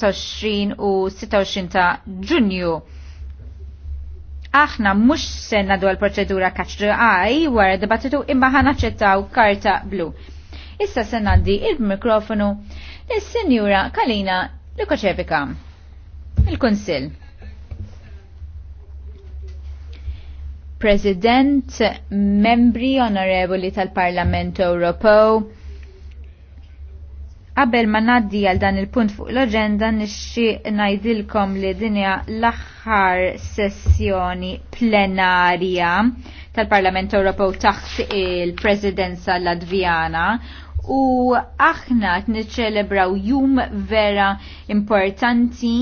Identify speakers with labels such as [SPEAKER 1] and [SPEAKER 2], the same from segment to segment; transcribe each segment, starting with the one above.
[SPEAKER 1] 25 u 26 ta' ġunju. Aħna mux senna dwar proċedura kaċ għaj wara dibattitu imma ħana ċettaw karta blu. Issa senna di il-mikrofonu l senjura Kalina Lukoċevika, il-Konsil. President, membri onorevoli tal-Parlament Ewropew, Qabel ma naddi għal dan il-punt fuq l-agenda nixxi ngħidilkom li dinja l-aħħar sessjoni plenarja tal-Parlament Ewropew taħt il-Presidenza Latvjana u aħna t niċċelebraw jum vera importanti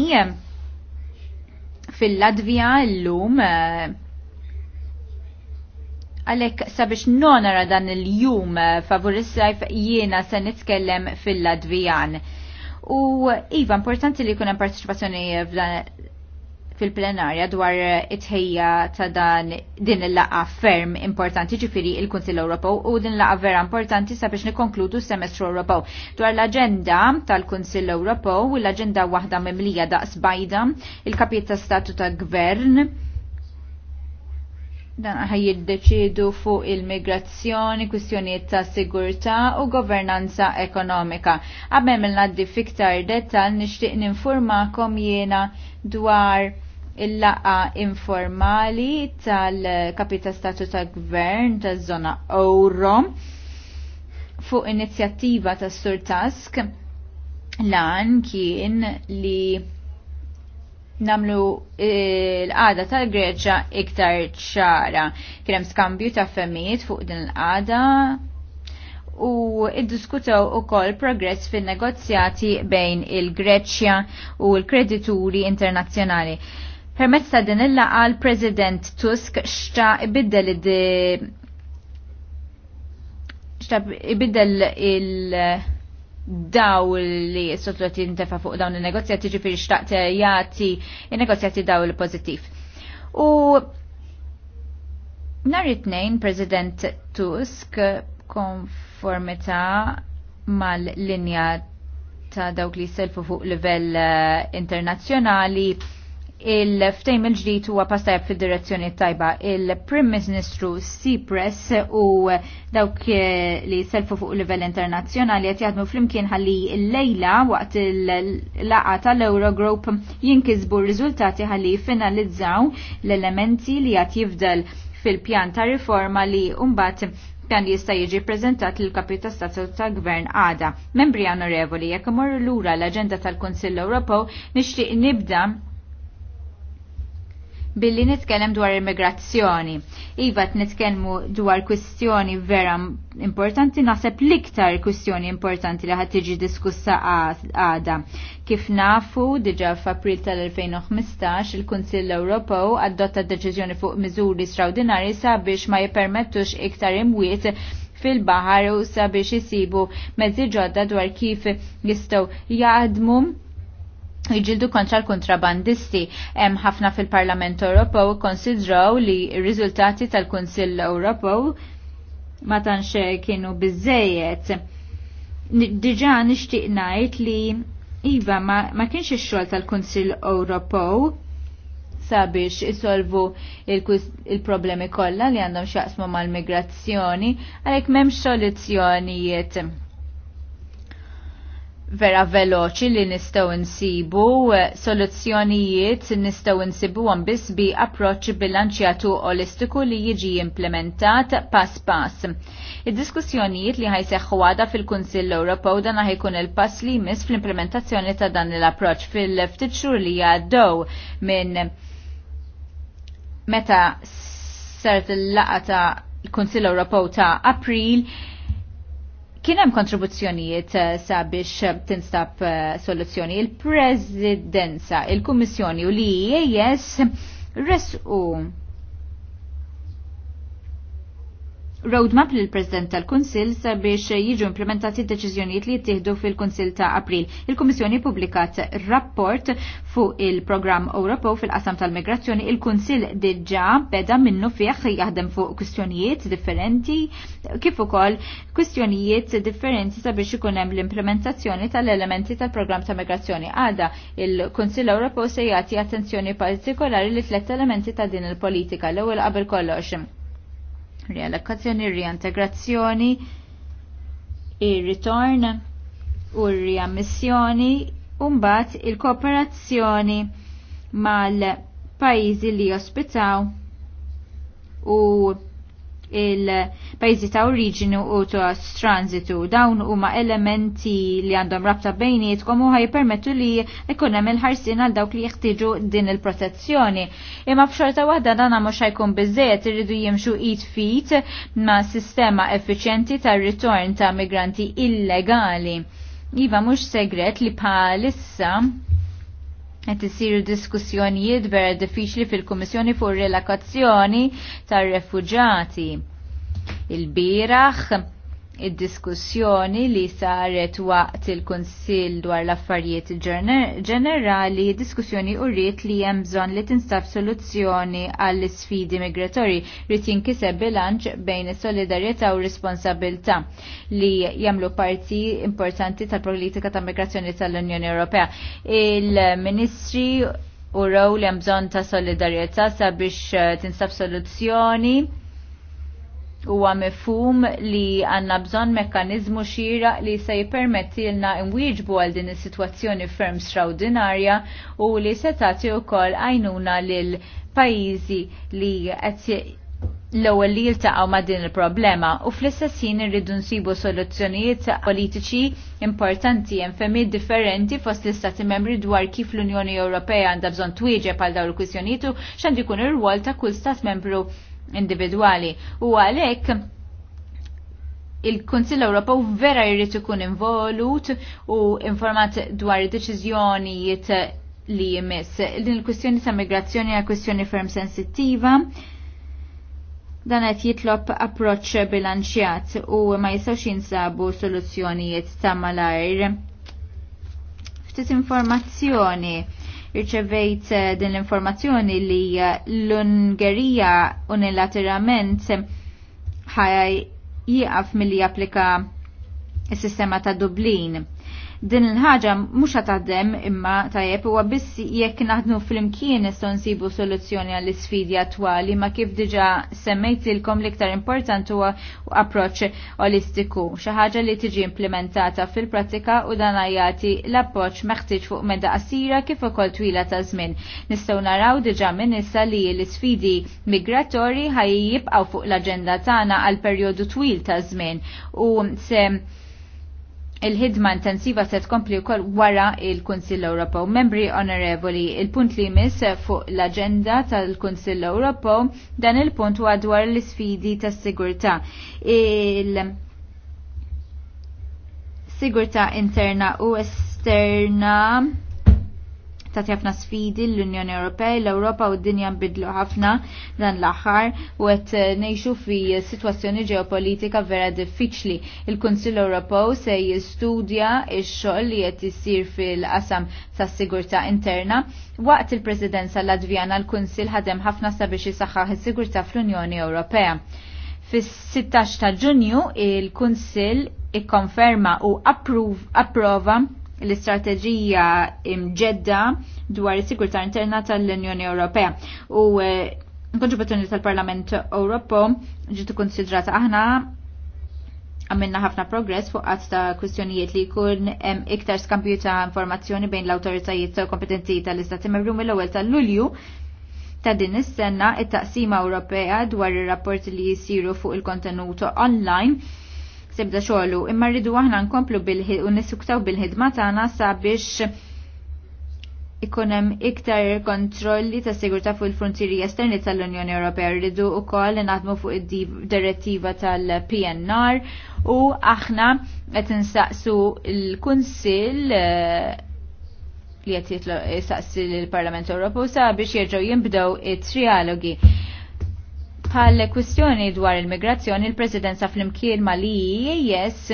[SPEAKER 1] fil-Latvja llum eh, Għalek sabiex nonara dan il-jum eh, favorissajf jiena se nitkellem fil-Ladvijan. U iva, importanti li kunem partiċipazzjoni fil-plenarja dwar it-ħejja ta' dan din il-laqa ferm importanti ġifiri il-Kunsill Ewropew u din laqa vera importanti sabiex nikonkludu semestru Ewropew. Dwar l-agenda tal-Kunsill Ewropew u l-agenda waħda mimlija daqs bajda, il-kapiet ta' statu ta' gvern, dan ħajjiddeċidu fuq il-migrazzjoni, kwistjonijiet ta' sigurtà u governanza ekonomika. Għabem il naddi fiktar dettal nixtieq ninformakom jiena dwar il-laqa informali tal-Kapita Statu tal-Gvern taż-żona Ouro fuq inizjattiva tas Sur Task lan kien li namlu eh, l-għada tal-Greċa iktar ċara. Kienem skambju ta' femmijiet fuq din l-għada u iddiskutaw u kol progress fin negozjati bejn il-Greċja u l-kredituri internazjonali. Permezz ta' din il-laqa l-President Tusk xta' ibiddel id-xta' ibiddel il-, il daw li s-sotlu tefa' fuq dawn il-negozjati ġifiri xtaqt jati il-negozjati daw il pozitif U narrit it-tnejn President Tusk konformita mal-linja ta' dawk li selfu fuq livell eh, internazzjonali il-ftejm il-ġdijt huwa pastajab fid direzzjoni tajba. Il-Prim Ministru Cypress u dawk li selfu fuq livell internazzjonali qed fl flimkien ħalli l-lejla waqt il-laqa tal-Eurogroup jinkisbu r-riżultati ħalli finalizzaw l-elementi li qed jifdel fil-pjan ta' riforma li mbagħad pjan li jista' jiġi prezentat lill-Kapita ta' stazzu ta' gvern għada. Membri Anorevoli, jekk imorru lura l-aġenda tal-Kunsill Ewropew nixtieq nibda billi nitkellem dwar immigrazzjoni. Iva nitkellmu dwar kwistjoni vera importanti, naħseb liktar kwistjoni importanti li ħat tiġi diskussa għada. Kif nafu, diġa f'April tal-2015, il-Kunsill Ewropew adotta deċiżjoni fuq miżuri straordinari sabiex ma jipermettux iktar imwiet fil-baħar u sabiex jisibu mezzi ġodda dwar kif jistgħu jaħdmu jġildu kontra l-kontrabandisti. Hemm ħafna fil-Parlament Ewropew konsidraw li r-riżultati tal-Kunsill Ewropew ma tantx kienu biżejjed. Diġà nixtieq ngħid li iva ma, ma kienx ix-xogħol tal-Kunsill Ewropew sabiex isolvu il-problemi il kollha li għandhom x'jaqsmu mal-migrazzjoni għalhekk m'hemmx soluzzjonijiet vera veloċi li nistaw insibu eh, soluzzjonijiet nistaw insibu għan biss bi approċ bilanċjatu olistiku li jiġi implementat pass pass. Id-diskussjonijiet li ħaj għada fil-Kunsill Ewropew dan ħajkun il-pass li jmiss fl-implementazzjoni ta' dan l-approċ fil-ftit xhur li għaddew minn meta sert il-laqa ta' l kunsill Ewropew ta' April Kien hemm kontribuzzjonijiet eh, sabiex eh, tinstab eh, soluzzjoni il-Presidenza, il-Kummissjoni u l-IES e resqu roadmap lill president tal-Kunsil sabiex jiġu implementati deċiżjonijiet li jittieħdu fil-Kunsil ta' April. Il-Kummissjoni publikat rapport fuq il-programm Ewropew fil-qasam tal-migrazzjoni. Il-Kunsil diġà beda minnu fih jaħdem fuq kwistjonijiet differenti kif ukoll kwistjonijiet differenti sabiex ikun hemm l-implementazzjoni tal-elementi tal-programm ta' migrazzjoni. Għada il-Kunsil Ewropew se jagħti attenzjoni partikolari li tliet elementi ta' din il-politika l-ewwel qabel kollox riallokazzjoni, e riintegrazzjoni, ir-ritorn u r-riammissjoni u mbagħad il-kooperazzjoni mal-pajjiżi li jospitaw u il-pajzi ta' oriġinu u ta' transitu. Dawn huma elementi li għandhom rabta bejnietkom u ħajpermettu li ikun hemm il-ħarsin għal dawk li jeħtieġu din il-protezzjoni. Imma f'xorta waħda dan mhux jkun biżejjed irridu jimxu eat feet ma' sistema effiċjenti tar-ritorn ta' migranti illegali. Iva mhux segret li bħalissa qed isiru diskussjonijiet vera diffiċli fil-Kummissjoni fuq ir-relakazzjoni tar-refuġati. Il-bieraħ id-diskussjoni li saret waqt il-Konsil dwar l-affarijiet ġenerali, diskussjoni u rrit li hemm bżonn li tinstab soluzzjoni għall sfidi migratorji rrit jinkiseb bilanċ bejn is-solidarjetà u responsabilità li jagħmlu parti importanti tal-politika ta' migrazzjoni tal-Unjoni Ewropea. Il-Ministri u raw li hemm bżonn ta' solidarjetà sabiex eh, tinstab soluzzjoni huwa mifhum li għandna bżonn mekkaniżmu xira li se jippermettilna nwieġbu għal din is-sitwazzjoni ferm straordinarja u li se tagħti wkoll għajnuna lil pajjiżi li qed l-ewwel li jiltaqgħu ma' din il-problema u fl-istess jien irridu nsibu soluzzjonijiet politiċi importanti hemm femmid differenti fost l-istati membri dwar kif l-Unjoni Ewropea għandha bżonn twieġeb għal dawn il-kwistjonijiet u x'għandu jkun ir-rwol ta' kull stat membru individwali u għalhekk il-Kunsill Ewropew vera jrid ikun involut u informat dwar id-deċiżjonijiet li jmiss. Din il-kwistjoni ta' migrazzjoni hija kwistjoni ferm sensittiva dan qed jitlob approċċ bilanċjat u ma jistgħux jinsabu soluzzjonijiet ta' malajr. Ftit informazzjoni irċevejt eh, din l-informazzjoni li eh, l-Ungerija unilateralment eh, ħaj jieqaf mill-li applika il-sistema ta' Dublin din il-ħaġa mhux taħdem imma tajjeb huwa biss jekk naħdmu flimkien nistgħu nsibu soluzzjoni għall isfidi attwali ma kif diġà semmejtilkom l-iktar importanti huwa approċċ olistiku, xi ħaġa li tiġi implementata fil-prattika u dan jagħti l-approċċ meħtieġ fuq meda qasira kif ukoll twila ta' żmien. Nistgħu naraw diġà minn issa li l-isfidi migratorji ħaj jibqgħu fuq l-aġenda tagħna għal perjodu twil ta' żmien u se Il-ħidma intensiva se tkompli wkoll wara il-Kunsill Ewropew. Membri onorevoli, il-punt li jmiss fuq l-aġenda tal-Kunsill Ewropew dan il-punt huwa dwar l-isfidi tas-sigurtà. Il- sigurtà interna u esterna ta' tjafna sfidi l-Unjoni Ewropea, l-Ewropa u d-dinja nbidlu ħafna dan l-aħħar u qed eh, ngħixu fi sitwazzjoni ġeopolitika vera diffiċli. Il-Kunsill Ewropew se jistudja x-xogħol li qed isir fil-qasam tas-sigurtà interna. Waqt il-Presidenza Latvijana l-Kunsill ħadem ħafna sabiex jisaxħaħ is-sigurtà fl-Unjoni Ewropea. Fis-16 ta' Ġunju il-Kunsill ikkonferma u approva l-istrateġija imġedda dwar is-sigurtà interna tal-Unjoni Ewropea. U eh, kontribuzzjoni tal-Parlament Ewropo ġiet konsidrata aħna għamilna ħafna progress fuq qatt ta' kwistjonijiet li jkun hemm iktar skambju ta' informazzjoni bejn l-awtoritajiet kompetenti tal-Istati Membri mill-ewwel tal-Lulju ta' din is-sena it-taqsima Ewropea dwar ir-rapporti li jisiru fuq il-kontenut online tibda xogħlu imma rridu aħna nkomplu u nisuktaw bil-ħidma tagħna sabiex ikun hemm iktar kontrolli ta' sigurtà fuq il-frontieri esterni tal-Unjoni Ewropea rridu wkoll naħdmu fuq id-direttiva tal-PNR u aħna qed insaqsu l-Kunsill eh, li qed saqsi l-Parlament Ewropew sa biex jerġgħu jinbdew it-trialogi. Bħal kwistjoni dwar il-migrazzjoni, il-Presidenza fl-imkien ma li jes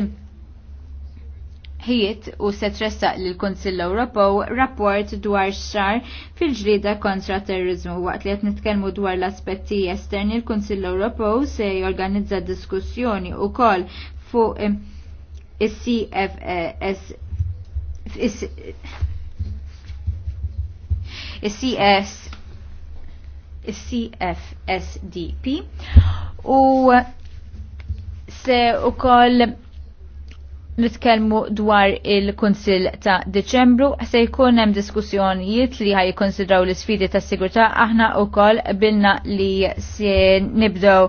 [SPEAKER 1] ħiet u se tressaq konsill Ewropew rapport dwar xar fil-ġlida kontra terrorizmu waqt li qed nitkellmu dwar l-aspetti esterni l-Kunsill Ewropew se jorganizza diskussjoni wkoll fuq is-CFS e is-CS CFSDP u se u koll nitkellmu dwar il konsil ta' Deċembru se jkun hemm diskussjonijiet li ħaj konsidraw l-isfidi tas-sigurtà aħna wkoll bilna li se nibdew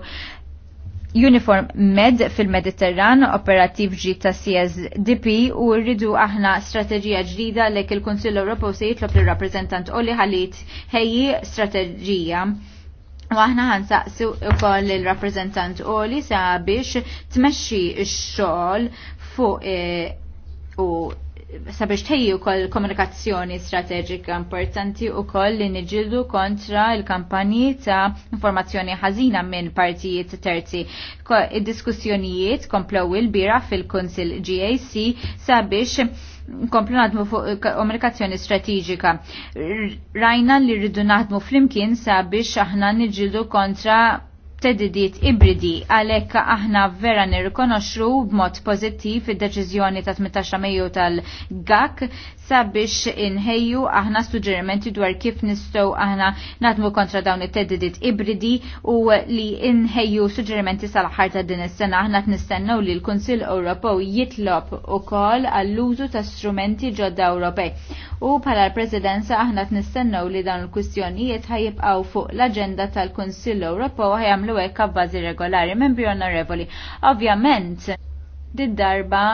[SPEAKER 1] Uniform Med fil-Mediterran operattiv ġi ta' CSDP u rridu aħna strateġija ġdida lek il-Konsil Ewropew se jitlob lir rappreżentant Oli ħalit ħejji strateġija. U aħna saqsu ukoll il-rappreżentant Oli sabiex tmexxi x-xogħol fuq eh, u sabiex tejju kol komunikazzjoni strateġika importanti u koll li niġildu kontra il-kampanji ta' informazzjoni ħażina minn partijiet terzi. Id-diskussjonijiet komplew il-bira fil-Kunsil GAC sabiex nkomplu naħdmu fuq komunikazzjoni strateġika. Rajna li rridu naħdmu flimkien sabiex aħna niġildu kontra tedidiet ibridi għalhekk aħna vera nirrikonoxxu b'mod pożittiv id-deċiżjoni ta' 18 Mejju tal-GAK sabiex inħejju aħna suġġerimenti dwar kif nistgħu aħna natmu kontra dawn it-teddidiet ibridi u li inħejju suġġerimenti sal-aħħar ta' din is-sena aħna tnistennew li l-Kunsill Ewropew jitlob ukoll għall-użu ta' strumenti ġodda Ewropej. U bħala l-Presidenza aħna tnistennew li dawn il-kwistjonijiet ħajibqgħu fuq l-aġenda tal-Kunsill Ewropew ħajamlu hekk b'bażi regolari membri onorevoli. Ovvjament, did-darba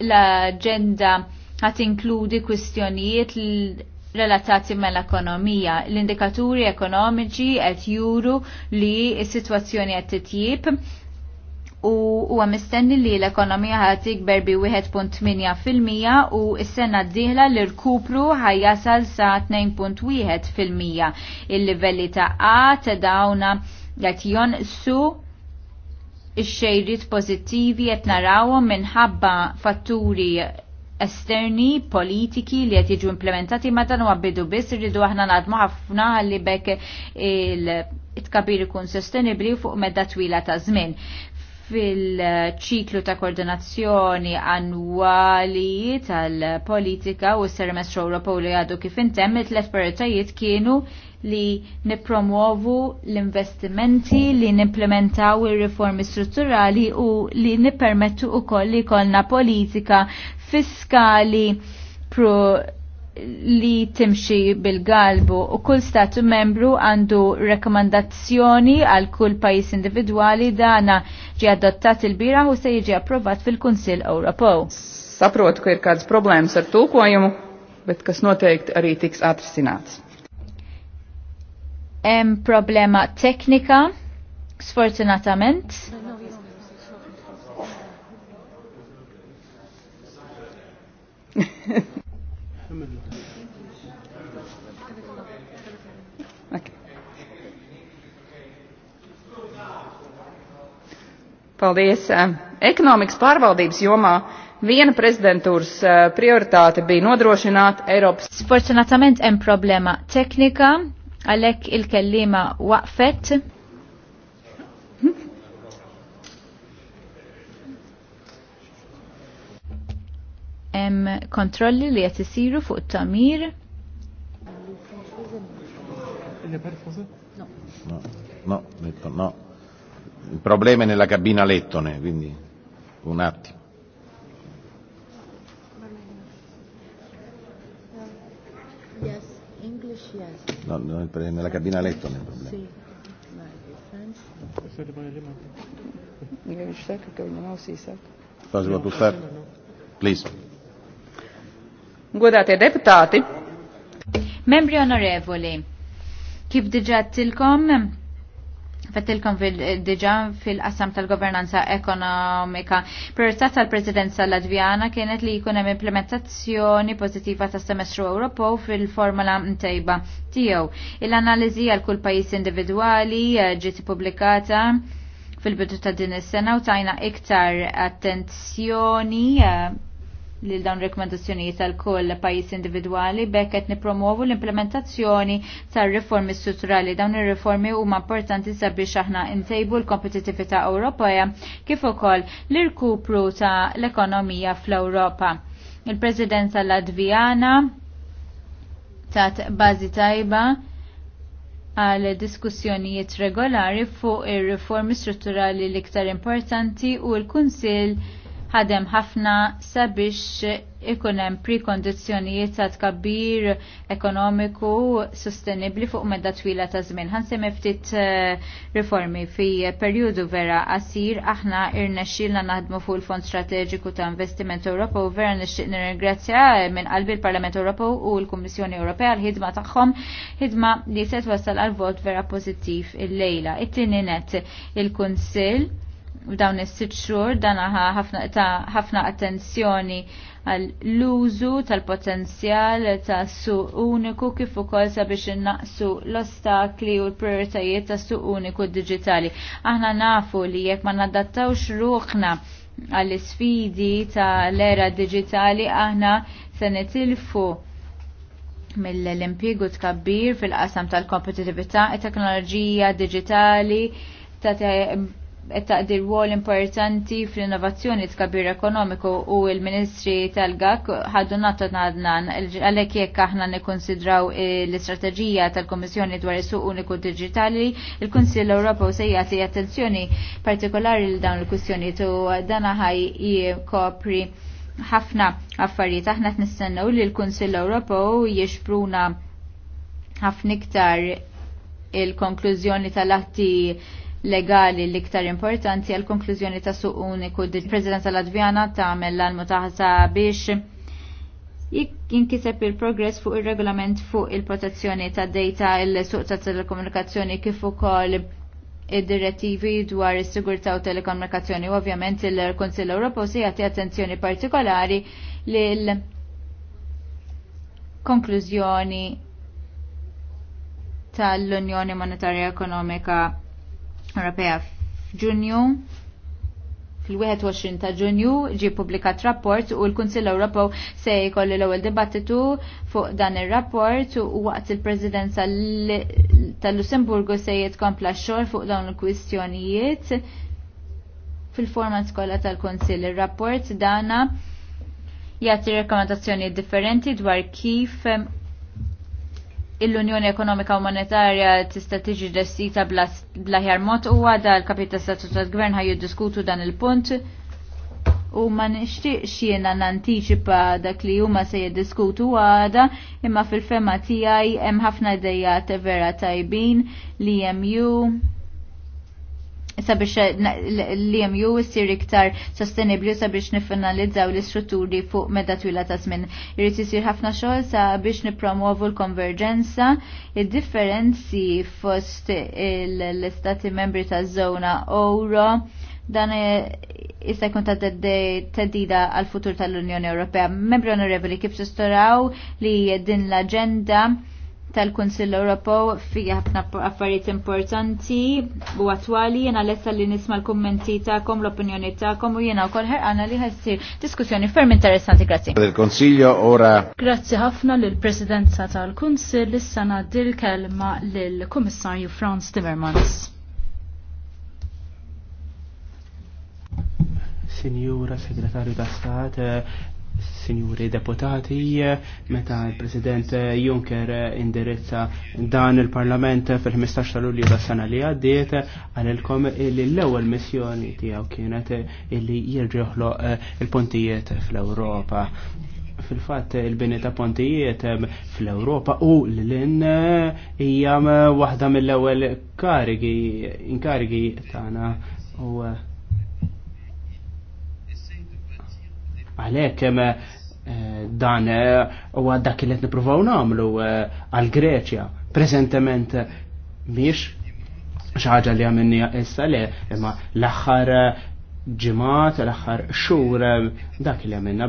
[SPEAKER 1] l-aġenda ħat inkludi kwistjonijiet relatati mal-ekonomija. L-indikaturi ekonomiċi qed juru li s-sitwazzjoni qed titjib u huwa mistenni li l-ekonomija ħad tikber bi 1.8% u s-sena d-dieħla l rkupru ħajjasal sa 2.1%. Il-livelli ta' ta' dawna qed jonqsu ix xejrit pożittivi qed narawhom minħabba fatturi esterni, politiki li qed jiġu implementati ma dan huwa bidu biss irridu aħna nadmu ħafna għalli bekk il-tkabir ikun sostenibbli fuq medda twila ta' żmien fil-ċiklu ta' koordinazzjoni annwali tal-politika u s sermestru Europa li għadu kif intemm it-tlet prioritajiet kienu li nipromuovu l-investimenti, li nimplementaw ir-riformi strutturali u li nippermettu koll li kolna politika fiskali pro li timxi bil-galbu u kull statu membru għandu rekomandazzjoni għal kull pajis individuali dana ġi adottat il-bira u se jiġi approvat fil-Kunsil Ewropew. Saprot ka ir kāds problēmas ar tulkojumu, bet kas noteikt arī tiks atrisināts. Hemm problema teknika, sfortunatament. No,
[SPEAKER 2] no,
[SPEAKER 1] Paldies. Ekonomikas pārvaldības jomā viena prezidentūras eh, prioritāte bija nodrošināt Eiropas. Sportsanatament en problēma tehnika, alek il-kellima waqfet. hemm kontrolli li qed isiru fuq tamir
[SPEAKER 2] No. No, no. Il problema è nella cabina lettone, quindi un attimo. Yes, English yes. No, no, nella cabina letto nel problema. Sì. Please.
[SPEAKER 1] Godate deputati. Membri onorevoli, kif diġa tilkom, fettilkom diġa fil-qassam tal-governanza ekonomika. Priorità tal-presidenza latvjana kienet li jkun hemm implementazzjoni pozitiva tas semestru Ewropew fil-formula mtejba tiegħu. Il-analiżi għal kull pajjiż individwali eh, ġiet pubblikata fil-bidu ta' din is-sena u tajna iktar attenzjoni eh, lil dawn rekomendazzjonijiet tal kull pajjiż individwali bekk qed nippromovu l-implementazzjoni tar-riformi strutturali. Dawn ir-riformi huma importanti sabiex aħna ntejbu l-kompetittività Ewropea kif ukoll l-irkupru ta' l-ekonomija fl-Ewropa. Il-Presidenza Latvijana tat bażi tajba għal diskussjonijiet regolari fuq ir-riformi strutturali l-iktar importanti u l-Kunsill ħadem ħafna sabiex ikunem prekondizzjonijiet ta' tkabbir ekonomiku sostenibli fuq medda twila ta' żmien. Ħansem ftit eh, riformi fi perjodu vera qasir aħna irnexxilna naħdmu fuq il-Fond Strateġiku ta' Investiment Ewropew vera nixtieq nirringrazzja eh, minn qalbi l-Parlament Ewropew u l-Kummissjoni Ewropea l-ħidma tagħhom, ħidma li se twassal għal vot vera pożittiv il-lejla. It-tieni il-Kunsill u dawn is-sitt xhur dan ħafna attenzjoni għal l-użu tal-potenzjal ta' suq uniku kif ukoll sabiex innaqsu l-ostakli u l-prioritajiet ta' suq uniku digitali. Aħna nafu li jekk ma nadattawx ruħna għall isfidi ta' l-era digitali aħna se nitilfu mill impiegu tkabbir fil-qasam tal-kompetitività e teknoloġija digitali ta' qed taqdir rwol importanti fl-innovazzjoni tkabir ekonomiku u l-Ministri tal-GAK ħaddu nagħtu nadnan għalhekk jekk aħna nikkonsidraw eh, l-istrateġija tal kummissjoni dwar is-suq uniku diġitali, il-Kunsill Ewropew se jagħti attenzjoni partikolari l dawn il-kwistjonijiet u dan ħaj jkopri ħafna affarijiet. Aħna qed nistennew li l-Kunsill Ewropew jixpruna ħafna iktar il-konklużjoni tal-atti legali l-iktar importanti għal konklużjoni ta' suq uniku di presidenza Latvjana tagħmel l mutaħsa biex jinkiseb il-progress fuq il-regolament fuq il-protezzjoni ta' data il-suq ta' telekomunikazzjoni kif ukoll id-direttivi dwar is-sigurtà u telekomunikazzjoni u ovvjament il-Kunsill Ewropew se jagħti attenzjoni partikolari lil konklużjoni tal-Unjoni Monetarja Ekonomika Ewropea f'Ġunju fil-21 ta' Ġunju ġi publikat rapport u l-Kunsill Ewropew se jkollu l-ewwel dibattitu fuq dan ir-rapport u waqt il-Presidenza tal-Lussemburgu se jitkompla xogħol fuq dawn il-kwistjonijiet fil-format kollha tal-Kunsill. Ir-rapport dana jagħti rekomendazzjoni differenti dwar kif l-Unjoni Ekonomika u Monetarja tista' tiġi ġestita bla ħjar mod u għada l-kapita statut tal-gvern ħaj jiddiskutu dan il-punt u ma nixtieqx jiena nantiċipa dak li huma se jiddiskutu għada imma fil-fema tiegħi hemm ħafna dejjat vera tajbin li hemm sabiex l-EMU jissir iktar sostenibli sabiex nifinalizzaw l-istrutturi fuq medda twila ta' żmien. Irid isir ħafna xogħol sabiex nippromovu l-konverġenza, id-differenzi fost l-istati membri taż-żona euro dan issa jkun ta' tedida għal futur tal-Unjoni Ewropea. Membri onorevoli kif sostoraw li din l-agenda tal-Kunsill Ewropew fi ħafna affarijiet importanti u attwali jiena lesta li nisma' l-kummenti tagħkom, l-opinjoni tagħkom u jiena wkoll ħerqana li ħassir diskussjoni ferm interessanti grazzi.
[SPEAKER 2] Il-Konsilju ora.
[SPEAKER 1] Grazzi ħafna lil presidenza
[SPEAKER 3] tal-Kunsill issa ngħaddi l-kelma lil Kummissarju Franz Timmermans.
[SPEAKER 2] Signora Segretario da Stato, eh, Signori deputati, meta il-President Juncker indirizza dan il-Parlament fil-15 ta' Lulju tas sena li għaddiet, għalilkom li l-ewwel missjoni tiegħu kienet li jirġoħlo eh, il-pontijiet fl-Ewropa. Fil-fatt il-bini ta' pontijiet eh, fl-Ewropa u l-lin eh, hija waħda mill-ewwel karigi inkarigi tagħna u Għalhekk eh, dan eh, u għaddak il qed nippruvaw nagħmlu eh, għal Greċja. Prezentement, miex xaġa li għamenni issa le, imma l-axħar ġimat, l axħar xur, dak li għamilna,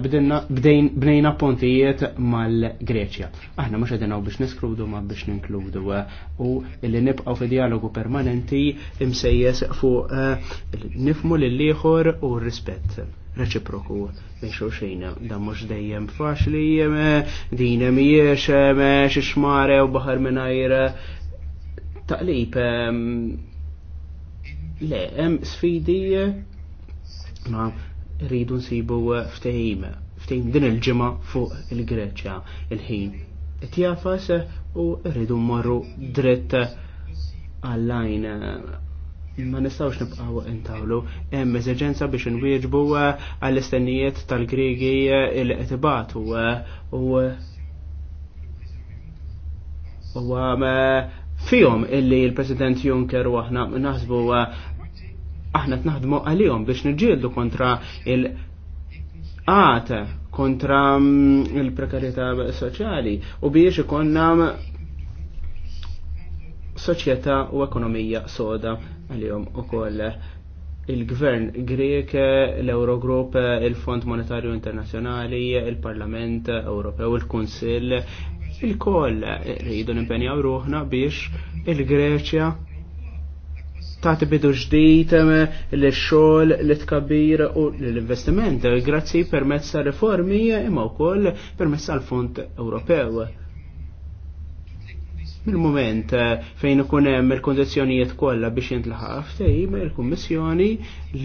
[SPEAKER 2] bdejna pontijiet mal-Greċja. Aħna mux għedina biex niskludu ma biex ninkludu eh, u li nibqaw fi dialogu permanenti imsejjes fuq eh, nifmu l-liħor u rispett reċiproku biex u xejna. Dan mux dejjem faċli, dina miex, xie xmare u bahar minajra eh, taqlib. Le, sfidi ma rridu nsibu ftehim, ftehim din il-ġimgħa fuq il-Greċja il-ħin. Tjafas jafas u rridu mmorru dritt għallajn ma nistawx nibqgħu intawlu hemm eżeġenza biex inwieġbu għall-istennijiet tal-Griegi il qtibat u u fihom illi l-President Juncker u aħna naħsbu aħna t-naħdmu għalihom biex nġildu kontra il- għat kontra mm, il prekarjetà soċjali u biex ikonna mm, soċjetà u ekonomija soda għalihom u koll il-gvern Grek, l-Eurogrupp, il-Fond Monetarju Internazjonali, il-Parlament Ewropew, il-Kunsill, il-koll rridu nimpenjaw ruħna biex il-Greċja tagħti bidu ġdid eh, li xogħol li tkabir u l-investiment grazzi permezz ta' riformi imma wkoll permezz tal-Fond Ewropew. mil moment eh, fejn ikun hemm il kundizzjonijiet kollha biex jintlaħaq ftehim il-Kummissjoni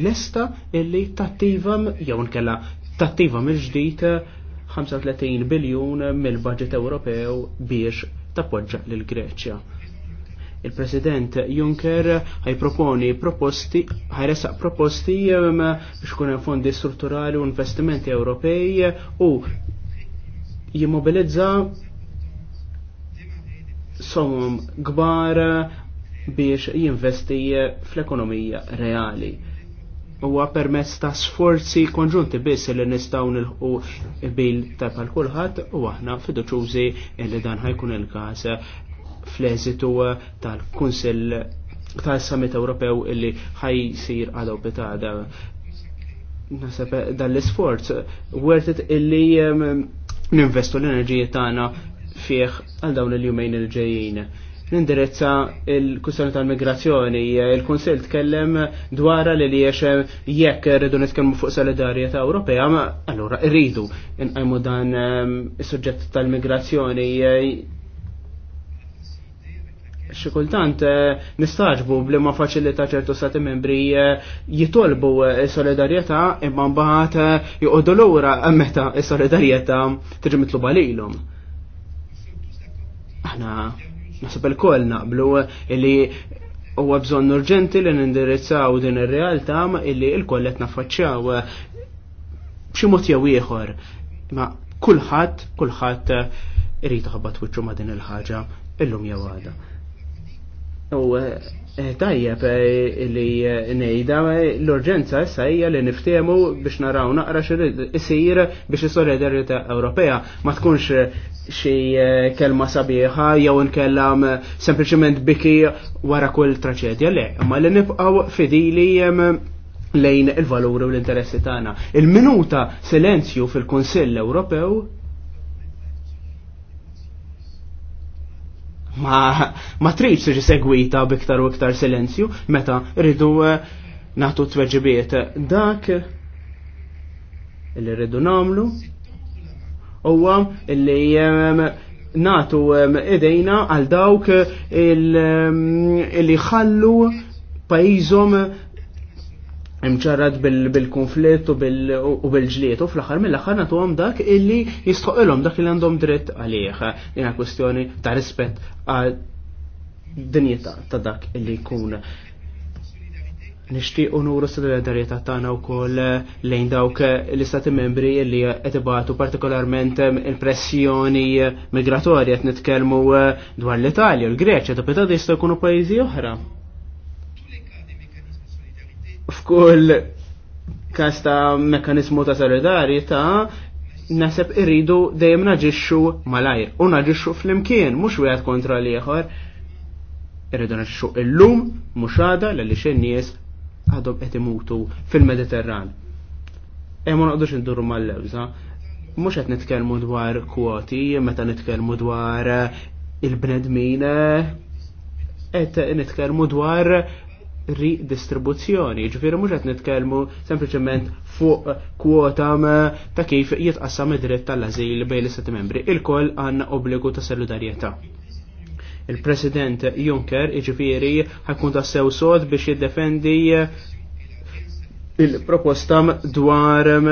[SPEAKER 2] lesta illi tattivam jew nkella tattiva mill-ġdid 35 eh, biljun mill-budget Ewropew biex tappoġġa lil Greċja il-President Juncker ħajproponi proposti, ħajresaq proposti um, biex kun fondi strutturali u investimenti Ewropej u jimmobilizza somom gbar biex jinvesti fl-ekonomija reali. Huwa permezz ta' sforzi konġunti biss li nistgħu nilħu il-bil ta' pal kulħadd u aħna fiduċużi li dan ħajkun il-każ fl-eżitu eh, tal-Kunsill tal-Summit Ewropew illi ħaj sir għadaw bitada. Nasab dan l wertet illi ninvestu l-enerġija tagħna fih għal dawn il-jumejn il-ġejjin. Nindirizza il-kustjoni tal-migrazzjoni, il-Kunsill tkellem dwar li li jekk rridu nitkellmu fuq solidarjetà Ewropea, allura rridu inqajmu dan is-suġġett tal-migrazzjoni xi kultant eh, nistaġbu ma faċilita' ċertu stati membri eh, jitolbu eh, solidarjetà imma juqoddu l lura meta s-solidarjetà tiġi mitluba lilhom. Aħna nasib il-koll naqblu li huwa bżonn urġenti li nindirizzaw din ir-realtà illi il-kollet qed naffaċċjaw b'xi mod jew ieħor. Ma kulħadd, kulħadd irid ħabbat wiċċu ma' din il-ħaġa illum jew għadha. U eh, eh, tajjeb eh, li nejda l-urġenza issa hija li niftiemu biex naraw naqra isir biex is-solidarjetà Ewropea ma tkunx xi kelma sabiħa jew inkellam mm, sempliċement biki wara kull traċedja le, imma li nibqgħu fidili mm, lejn il-valuri u l-interessi tagħna. Il-minuta silenzju fil-Kunsill Ewropew ma, ma tridx tiġi segwita biktar u iktar silenzju meta rridu eh, nagħtu tweġibiet dak li rridu nagħmlu huwa li natu idejna għal dawk li ħallu pajizom imġarrad bil-konflitt u bil-ġliet u fl-axar mill-axar natu għom dak illi jistoqilom dak li għandhom dritt għalih. Jena kwestjoni ta' rispet għal dinjeta ta' dak illi jkun. Nishtiq unuru solidarieta u wkoll lejn dawk l-istati membri li għetibatu partikolarment il-pressjoni migratorja qed nitkellmu dwar l-Italja u l-Greċja, ta' jista' jkunu pajjiżi oħra f'kull kas ta' mekanizmu ta' solidarieta naseb irridu dejjem naġixxu malajr u naġixxu fl-imkien mhux wieħed kontra l-ieħor. Irridu naġixxu illum mhux għada l xejn nies għadhom qed imutu fil-Mediterran. Hemm ma noqdux induru mal-lewża. Mhux qed nitkellmu dwar kwoti, meta nitkellmu dwar il-bnedmin qed nitkellmu dwar ridistribuzzjoni. Ġifiri mhux qed nitkellmu sempliċement fuq kwota ta' kif jitqassam id-dritt tal azil bejn l-istati membri. Il-koll għandna obbligu ta' solidarieta. Il-President Juncker ġifiri, ħakun ta' sew sod biex jiddefendi il-proposta dwar um,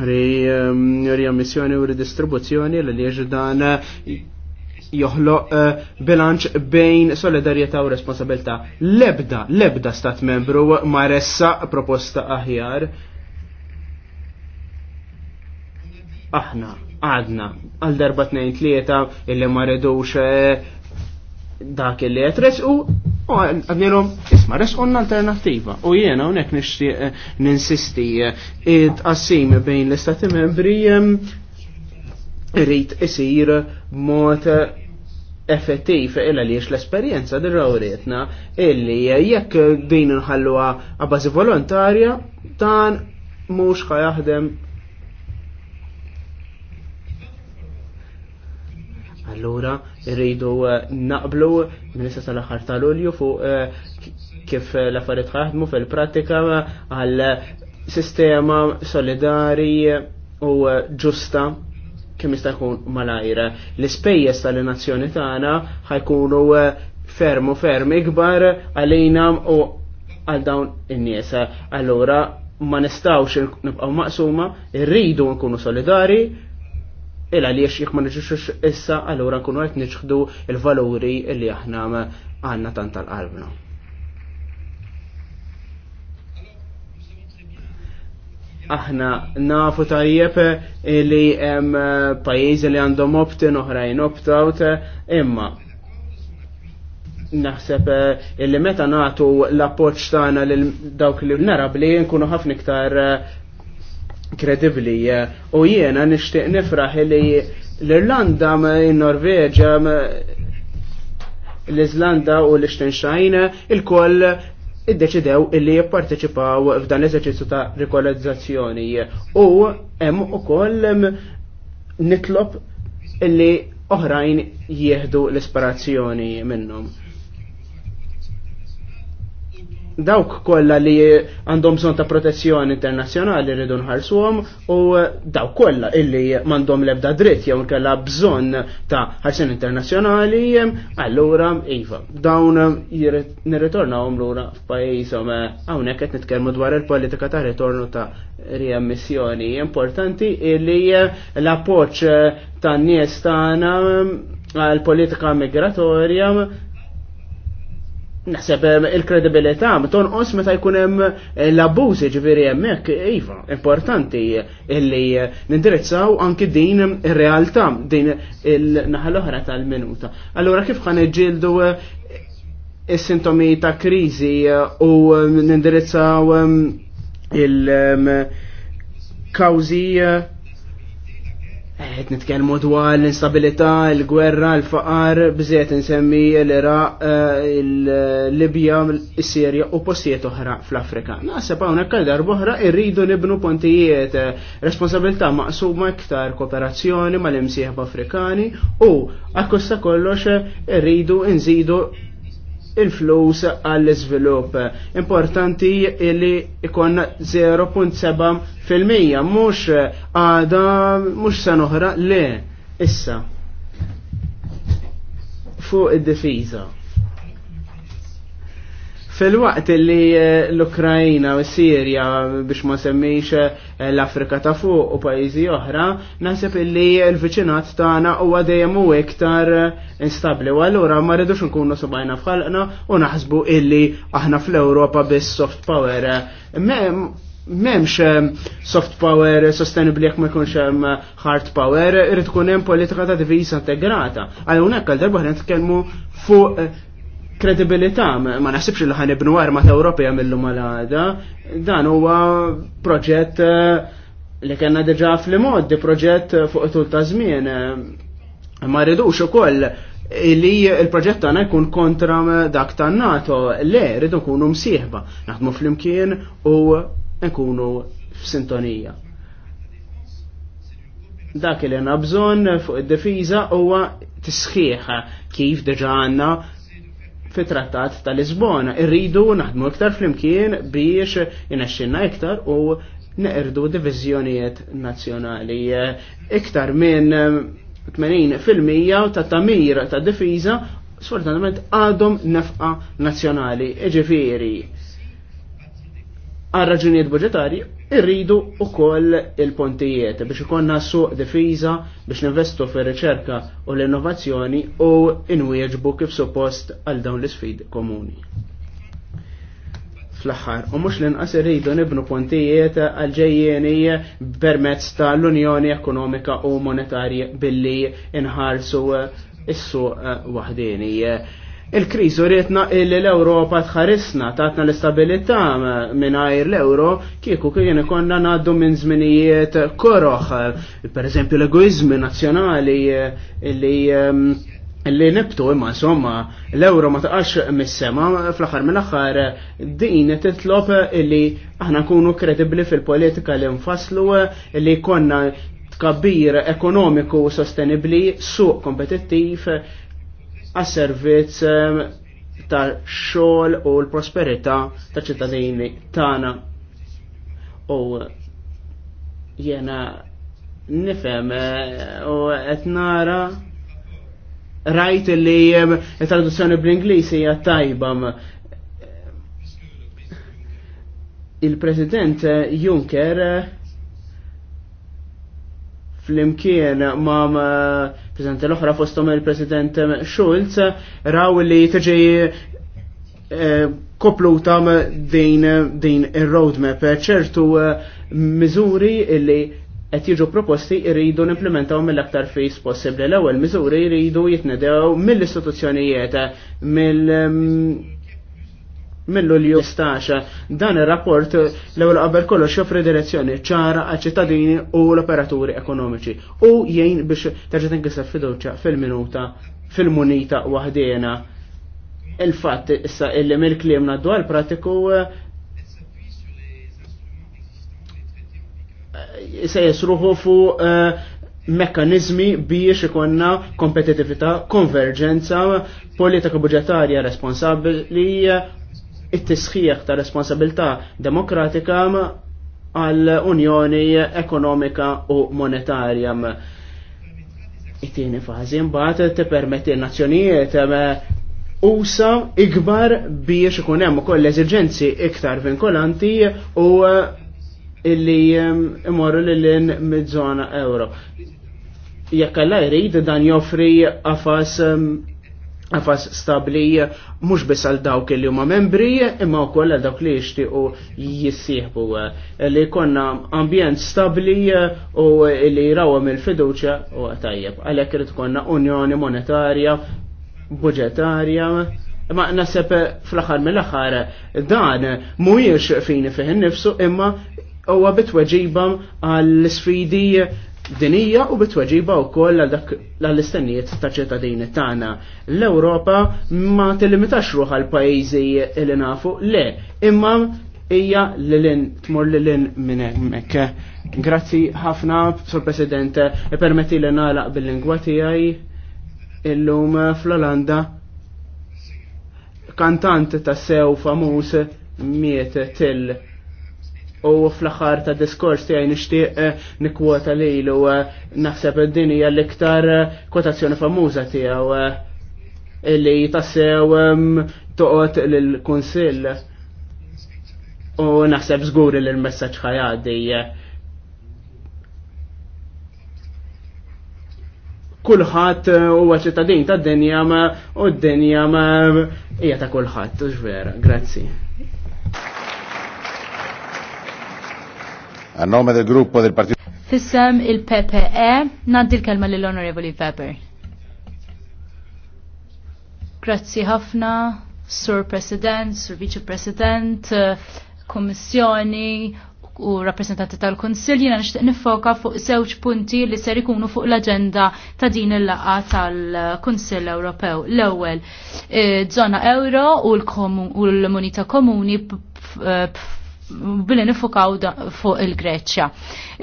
[SPEAKER 2] um, riammissjoni u ridistribuzzjoni l-li dan joħloq eh, bilanċ bejn solidarjetà u responsabilità. Lebda, lebda stat membru ma ressa proposta aħjar. Aħna, għadna, għal darba tnejn lieta illi ma redux eh, dak illi jatres u għadnilom isma resqon alternativa u jena unek nishtiq ninsisti eh, id-qassim bejn l-istati membri rrit isir mod effettiv illa li l-esperienza dirrawrietna illi jekk din nħalluha għabbażi volontarja dan mhux jaħdem Allura rridu eh, naqblu minissa tal-aħħar tal-ulju fuq eh, kif l-affarijiet ħaħdmu fil-prattika għal sistema solidari u ġusta kemm jista' jkun malajra L-ispejjeż tal-nazzjoni tagħna ħajkunu eh, fermu ferm ikbar għalina u għal dawn in-nies. Allura ma nistgħux nibqgħu maqsuma, irridu nkunu solidari, il għaliex jekk ma niġux issa allura nkunu qed niġħdu il-valuri li aħna għandna tant tal-qalbna. aħna nafu tajjeb eh, li hemm eh, pajjiżi li għandhom opt-in oħrajn opt-out eh, imma naħseb illi meta nagħtu l-appoġġ tagħna lil dawk li narabli nkunu ħafna iktar kredibbli u jiena nixtieq nifraħ li l-Irlanda in-Norveġa l-Iżlanda u l ixtenxajn il-koll iddeċidew illi jipparteċipaw f'dan l-eżerċizzju ta' rikolizzazzjoni. U hemm ukoll nitlob illi oħrajn jieħdu l-ispirazzjoni minnhom dawk kollha li għandhom bżonn ta' protezzjoni internazzjonali rridu nħarsuhom u eh, dawk kollha illi m'għandhom l-ebda dritt jew kellha bżonn ta' ħarsin internazzjonali allura iva dawn eh, nirritornawhom lura f'pajjiżhom eh, hawnhekk qed nitkellmu dwar il-politika ta' ritornu ta' riammissjoni importanti illi l-appoġġ tan-nies tagħna għal politika migratorja Naħseb eh, il-kredibilità tonqos meta jkun hemm eh, l-abbużi ġifieri jemmek, iva, importanti eh, illi nindirizzaw anki din ir-realtà din il-naħa l-oħra tal-minuta. Allura kif ħan iġġieldu il sintomi ta' kriżi u nindirizzaw il kawzi Għed nitkelmu dwar l-instabilità, l-gwerra, l-faqar, bżiet nsemmi l-Iraq, eh, l-Libja, l-Sirja u postijiet oħra fl-Afrika. Naħseb hawnhekk għal darba irridu nibnu pontijiet, eh, responsabilità maqsuma iktar kooperazzjoni mal-imsieħb Afrikani u akkosta kollox eh, irridu nżidu il-flus għall-izvilup. Importanti li ikon 0.7 fil-mija, mux għada, mux sanohra le, issa. Fuq id-difiza. Fil-waqt li eh, l-Ukrajina u Sirja biex ma semmix eh, l-Afrika ta' fuq u pajizi oħra, naħseb li l-viċinat tagħna huwa dejjem u iktar eh, instabli. U allura ma rridux nkunu subajna f'ħalqna u naħsbu illi aħna fl-Ewropa biss soft power. M'hemmx soft power sostenibli jekk ma jkunx hemm hard power, irid tkun hemm politika ta' divisa integrata. Għal hawnhekk għal darba ħna fuq kredibilità, ma naħsibx li ħanibnu arma ta' Ewropea mill-lum għada, dan huwa proġett eh, li kena deġa fl-modi, proġett fuq tul ta' żmien. Ma u ukoll li il-proġett tagħna jkun kontra dak tan NATO, le rridu kunu msieħba, naħdmu fl-imkien u nkunu f'sintonija. Dak li għandna bżonn fuq id-difiża huwa tisħiħ kif deġa għandna fit-trattat ta' lisbona Irridu naħdmu iktar flimkien biex inaxxinna iktar u neqrdu diviżjonijiet nazzjonali. Iktar minn 80% ta' tamir ta' difiża sfortunatament għadhom nefqa nazzjonali. Iġifieri, għal raġunijiet budġetarji irridu u koll il-pontijiet biex ikonna suq difiża biex ninvestu fir riċerka u l-innovazzjoni u inwieġbu kif suppost għal dawn l sfid komuni. Fl-aħħar, u mhux l-inqas irridu nibnu pontijiet għal ġejjeni permezz tal-Unjoni Ekonomika u Monetarja billi inħarsu is-suq waħdini Il-kriżu rietna illi l-Ewropa tħarisna, tatna l-istabilità mingħajr l-Euro kieku kien ikonna ngħaddu minn żminijiet koroħ, pereżempju l-egoizmi nazzjonali eh, illi ehm, li nibtu imma insomma l-euro ma taqax mis-sema fl-aħħar mill-aħħar din titlob illi aħna nkunu kredibbli fil-politika li nfasslu li konna tkabbir ekonomiku sostenibli suq kompetittiv għas-servizz ehm, tal-xol u l prosperita ta' ċittadini tana. U jena nifem eh, u etnara rajt li ehm, traduzzjoni bl-Inglisi hija tajba eh, il-President Juncker fl-imkien ma' prezidenti l-oħra fostom il-president Schulz raw li tiġi eh, kopluta din, din il-roadmap ċertu eh, miżuri illi qed jiġu proposti jridu nimplementaw mill-aktar fis possibbli. L-ewwel miżuri jridu jitnedew mill-istituzzjonijiet mill mm, millu li jistaxa dan il-rapport l-ewel qabel kollox xofri direzzjoni ċara għal ċittadini u l-operaturi ekonomiċi u jgħin biex terġa' tinkiseb fiduċa fil-minuta fil-munita waħdejna il-fatt issa illi mill-kliem naddu għal pratiku eh, se jesruħu fu eh, mekkanizmi biex ikonna kompetitività, konverġenza, politika budġetarja responsabbli it-tisħiħ ta' responsabilità demokratika għal Unjoni Ekonomika u Monetarja. It-tieni fażi mbagħad tippermetti n-nazzjonijiet usa ikbar biex ikun hemm ukoll eżiġenzi iktar vinkolanti u illi imorru lil mid-żona euro. Jekk alla jrid dan joffri qafas għafas stabli mux bis għal dawk li huma membri imma wkoll għal dawk li u jissiħbu li konna ambjent stabli u li rawam il-fiduċja u tajjeb għalhekk irid konna unjoni monetarja budġetarja imma naseb fl-aħħar mill-aħħar dan mhuwiex fini fih innifsu imma huwa bitweġiba għall sfidi dinija u bitwaġiba u koll l istennijiet ta' ċittadini tagħna. L-Ewropa ma tillimitax ruħ għal pajjiżi li nafu, le, imma hija lilin tmur lilin minn hemmhekk. Grazzi ħafna, Sur President, permetti li nagħlaq bil-lingwa tiegħi illum fl-Olanda kantant ta' sew famuż miet til U fl-axar ta' diskors tijaj nishtiq eh, nikwota li l eh, naħseb id hija l-iktar eh, kotazzjoni famuża tiegħu li tassew toqgħod l kunsill U naħseb żgur li l-messaġġ ħajadi. Kulħadd huwa ċittadin tad-dinja u d-dinja hija ta' kulħadd, ġvera, grazzi. A nome del gruppo del partito...
[SPEAKER 3] Fissem il-PPE, naddi il kelma l-Onorevoli Weber. Grazzi ħafna, Sur President, Sur Vice President, Kommissjoni u rappresentanti tal-Konsil, jiena nishtiq nifoka fuq żewġ punti li ser ikunu fuq l-agenda ta' din il-laqa tal-Konsil Ewropew. L-ewwel, żona eh, euro u l-komunità komuni eh, billi nifukaw fuq il-Greċja.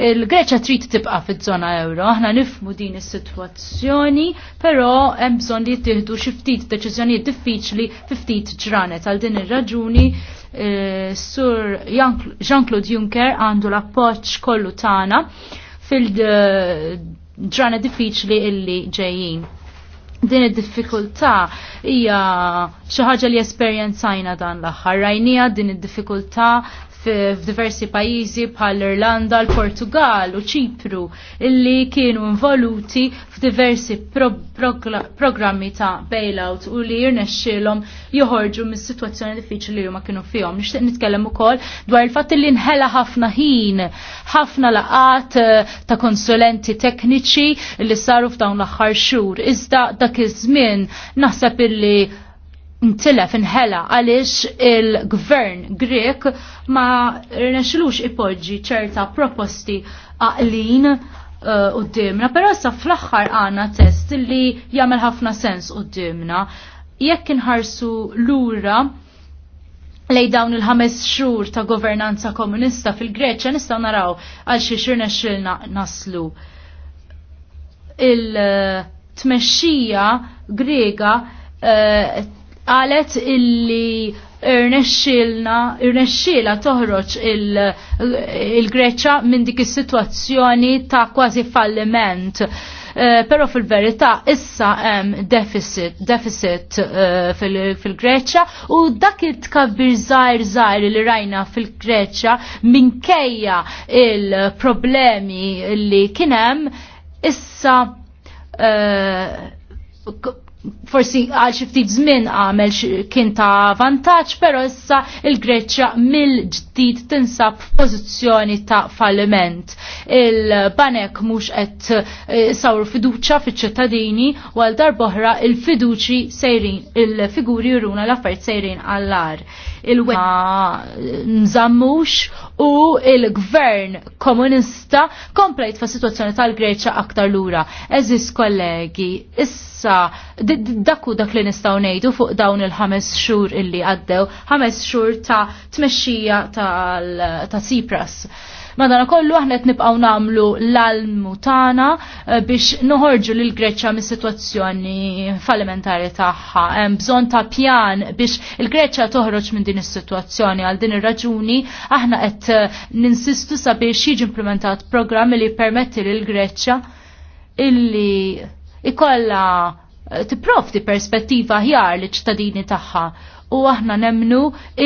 [SPEAKER 3] Il-Greċja trid tibqa' fiż-żona euro, aħna nifmu din is-sitwazzjoni, però hemm bżonn li jittieħdu xi ftit deċiżjonijiet diffiċli fi ftit ġranet għal din ir-raġuni eh, sur Jean-Claude Juncker għandu l-appoġġ kollu tagħna fil-ġranet eh, diffiċli illi ġejjin din id-diffikultà hija xi ħaġa li esperjenzajna dan l-aħħar. Rajnija din id-diffikultà f'diversi pajjiżi bħal Irlanda, l-Portugal u Ċipru illi kienu involuti f'diversi pro programmi ta' bailout u li jirnexxilhom joħorġu mis-sitwazzjoni diffiċli li huma kienu fihom. Nixtieq nitkellem ukoll dwar il-fatt li nħela ħafna ħin, ħafna laqat eh, ta' konsulenti tekniċi li saru f'dawn l-aħħar xhur. Iżda dak iż-żmien naħseb illi ntilef inħela għaliex il-gvern Grek ma rnexilux ipoġġi ċerta proposti għaqlin u uh, dimna, pero sa fl-axħar għana test li jagħmel ħafna sens u dimna. Jekk inħarsu lura lej dawn il-ħames xhur ta' governanza komunista fil-Greċja nistgħu naraw għal xi xir nexxilna naslu. Il-tmexxija Grega uh, qalet illi irnexxilna, irnexxila toħroġ il-Greċa il minn dik is-sitwazzjoni ta' kważi falliment. Uh, eh, pero fil-verità issa hemm deficit, deficit uh, eh, fil-Greċja fil u dak it-tkabbir żgħir żgħir li rajna fil-Greċja minkejja il-problemi li kien hemm issa uh, forsi għal xi ftit żmien għamel kien ta' vantaġġ, pero issa il-Greċja mill-ġdid tinsab f'pożizzjoni ta' falliment. Il-banek mhux qed eh, sawru fiduċja fiċ-ċittadini u għal darboħra il-fiduċi sejrin, il-figuri juruna l-affarijiet sejrin għall-ar il-wen ah. nżammux u il-gvern komunista komplejt fa' situazzjoni tal-Greċa aktar lura. Eżis kollegi, issa daku dak li nistaw nejdu fuq dawn il-ħames xhur illi għaddew, ħames xhur ta' tmexxija tal Tsipras. Ta Madana kollu aħna qed nibqgħu nagħmlu l-almu tagħna eh, biex noħorġu l greċja mis-sitwazzjoni fallimentari tagħha. Hemm bżonn ta' pjan biex il greċja toħroġ minn din is-sitwazzjoni għal din ir-raġuni aħna qed eh, ninsistu sabiex jiġi implementat programm li permetti lil Greċċa illi ikolla eh, tiprofti perspettiva ħjar li ċittadini tagħha u aħna nemnu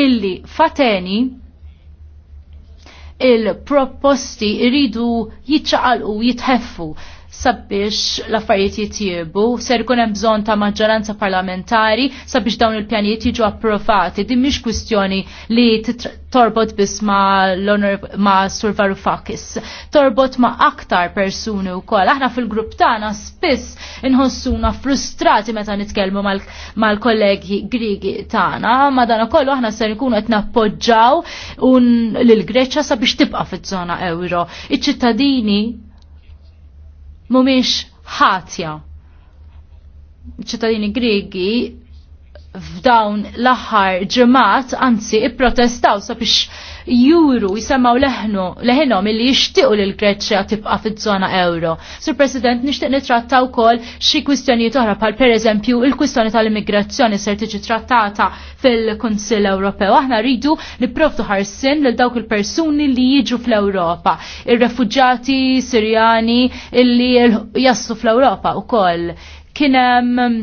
[SPEAKER 3] illi fateni il-proposti iridu jitxaqalqu, jitħeffu sabiex l-affarijiet jitjiebu, ser ikun hemm bżonn ta' maġġoranza parlamentari sabiex dawn il-pjanijiet jiġu approvati. Din mhix kwistjoni li torbot biss ma' l ma' Sur Varoufakis. Torbot ma' aktar persuni wkoll. Aħna fil-grupp tagħna spiss inħossuna frustrati meta nitkellmu mal-kollegi Grigi tagħna, ma' dan aħna ser ikunu qed nappoġġaw lil Greċja sabiex tibqa' fiż-żona euro. Iċ-ċittadini mumiex ħatja. ċittadini Gregi f'dawn l-aħħar ġemat anzi ipprotestaw sabiex juru jisemmaw leħnu leħinom illi jixtiequ lil Greċja tibqa' fiż-żona euro. Sur President nixtieq nitratta wkoll xi kwistjonijiet oħra bħal pereżempju il-kwistjoni tal-immigrazzjoni ser tiġi trattata fil-Kunsill Ewropew. Aħna rridu nipprovdu ħarsin lil dawk il-persuni li jiġu fl-Ewropa, ir-refuġġati Sirjani illi jaslu fl-Ewropa wkoll. Kien hemm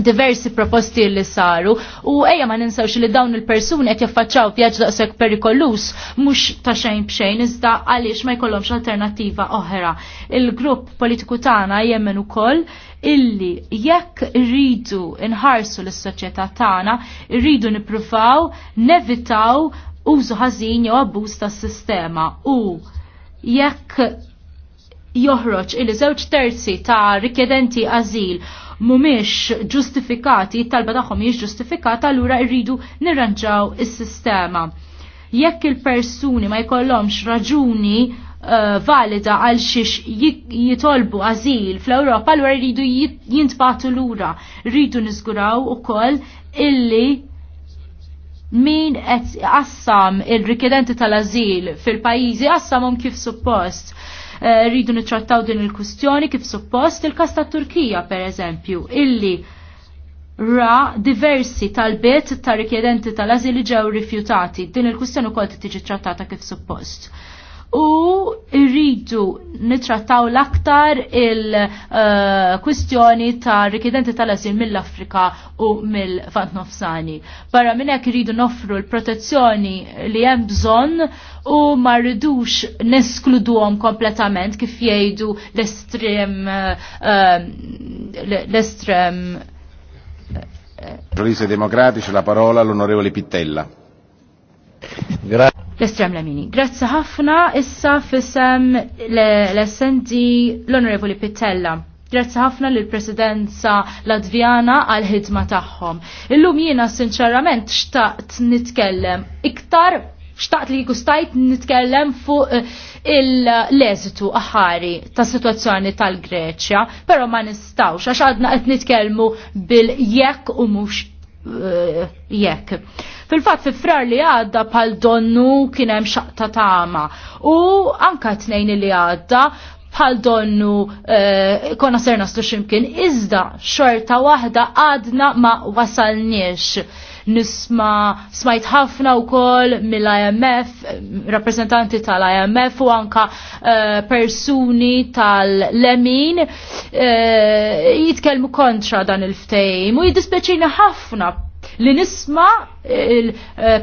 [SPEAKER 3] diversi proposti li saru u ejja ma ninsawx li dawn il-persuni qed jaffaċċaw vjaġġ daqshekk perikolus mhux ta' xejn b'xejn iżda għaliex ma jkollhomx alternattiva oħra. Il-grupp politiku tagħna jemmen ukoll illi jekk rridu nħarsu l-soċjetà tagħna, rridu nippruvaw nevitaw użu ħażin jew abbuż tas-sistema u jekk joħroġ il żewġ terzi ta' rikjedenti azil mhumiex ġustifikati, talba tagħhom mhijiex ġustifikata, allura rridu nirranġaw is-sistema. Jekk il-persuni ma jkollhomx raġuni eh, valida għal xiex jitolbu għazil fl-Europa l rridu jintbatu l-ura. Rridu nizguraw u koll illi min għassam assam il-rikedenti tal-azil fil-pajizi assamhom kif suppost Eh, rridu nitrattaw din il-kustjoni kif suppost il-kas ta' Turkija per eżempju, illi ra diversi tal-biet ta' rikjedenti tal-azili ġew rifjutati. Din il-kustjoni kol tiġi trattata kif suppost u rridu nitrattaw l-aktar il-kwistjoni uh, ta' rikidenti tal-azil mill-Afrika u mill-Fant Nofsani. Barra minnek rridu nofru l-protezzjoni li hemm bżonn u ma rridux neskluduhom kompletament kif jgħidu l-estrem eh, l-estrem eh,
[SPEAKER 2] Socialisti Democratici la parola all'onorevole Pittella.
[SPEAKER 3] L-estrem Lamini. Grazzi ħafna issa fissem l snd l-Onorevoli Pittella. Grazzi ħafna lill presidenza Latvjana għal ħidma tagħhom. Illum jiena sinċerament xtaqt nitkellem iktar xtaqt li stajt nitkellem fuq eh, il eżitu aħari ta' situazzjoni tal-Greċja, pero ma nistawx, għax għadna qed nitkellmu bil-jekk u mhux eh, jekk. Fil-fatt fi frar li għadda bħal donnu kien hemm xaqta tama. U anka tnejn li għadda bħal donnu eh, konna ser naslu ximkien iżda xorta waħda għadna ma wasalniex nisma smajt ħafna u koll mill-IMF, rappresentanti tal-IMF u anka eh, persuni tal-lemin eh, jitkelmu kontra dan il-ftejm u jidispeċina ħafna li nisma eh,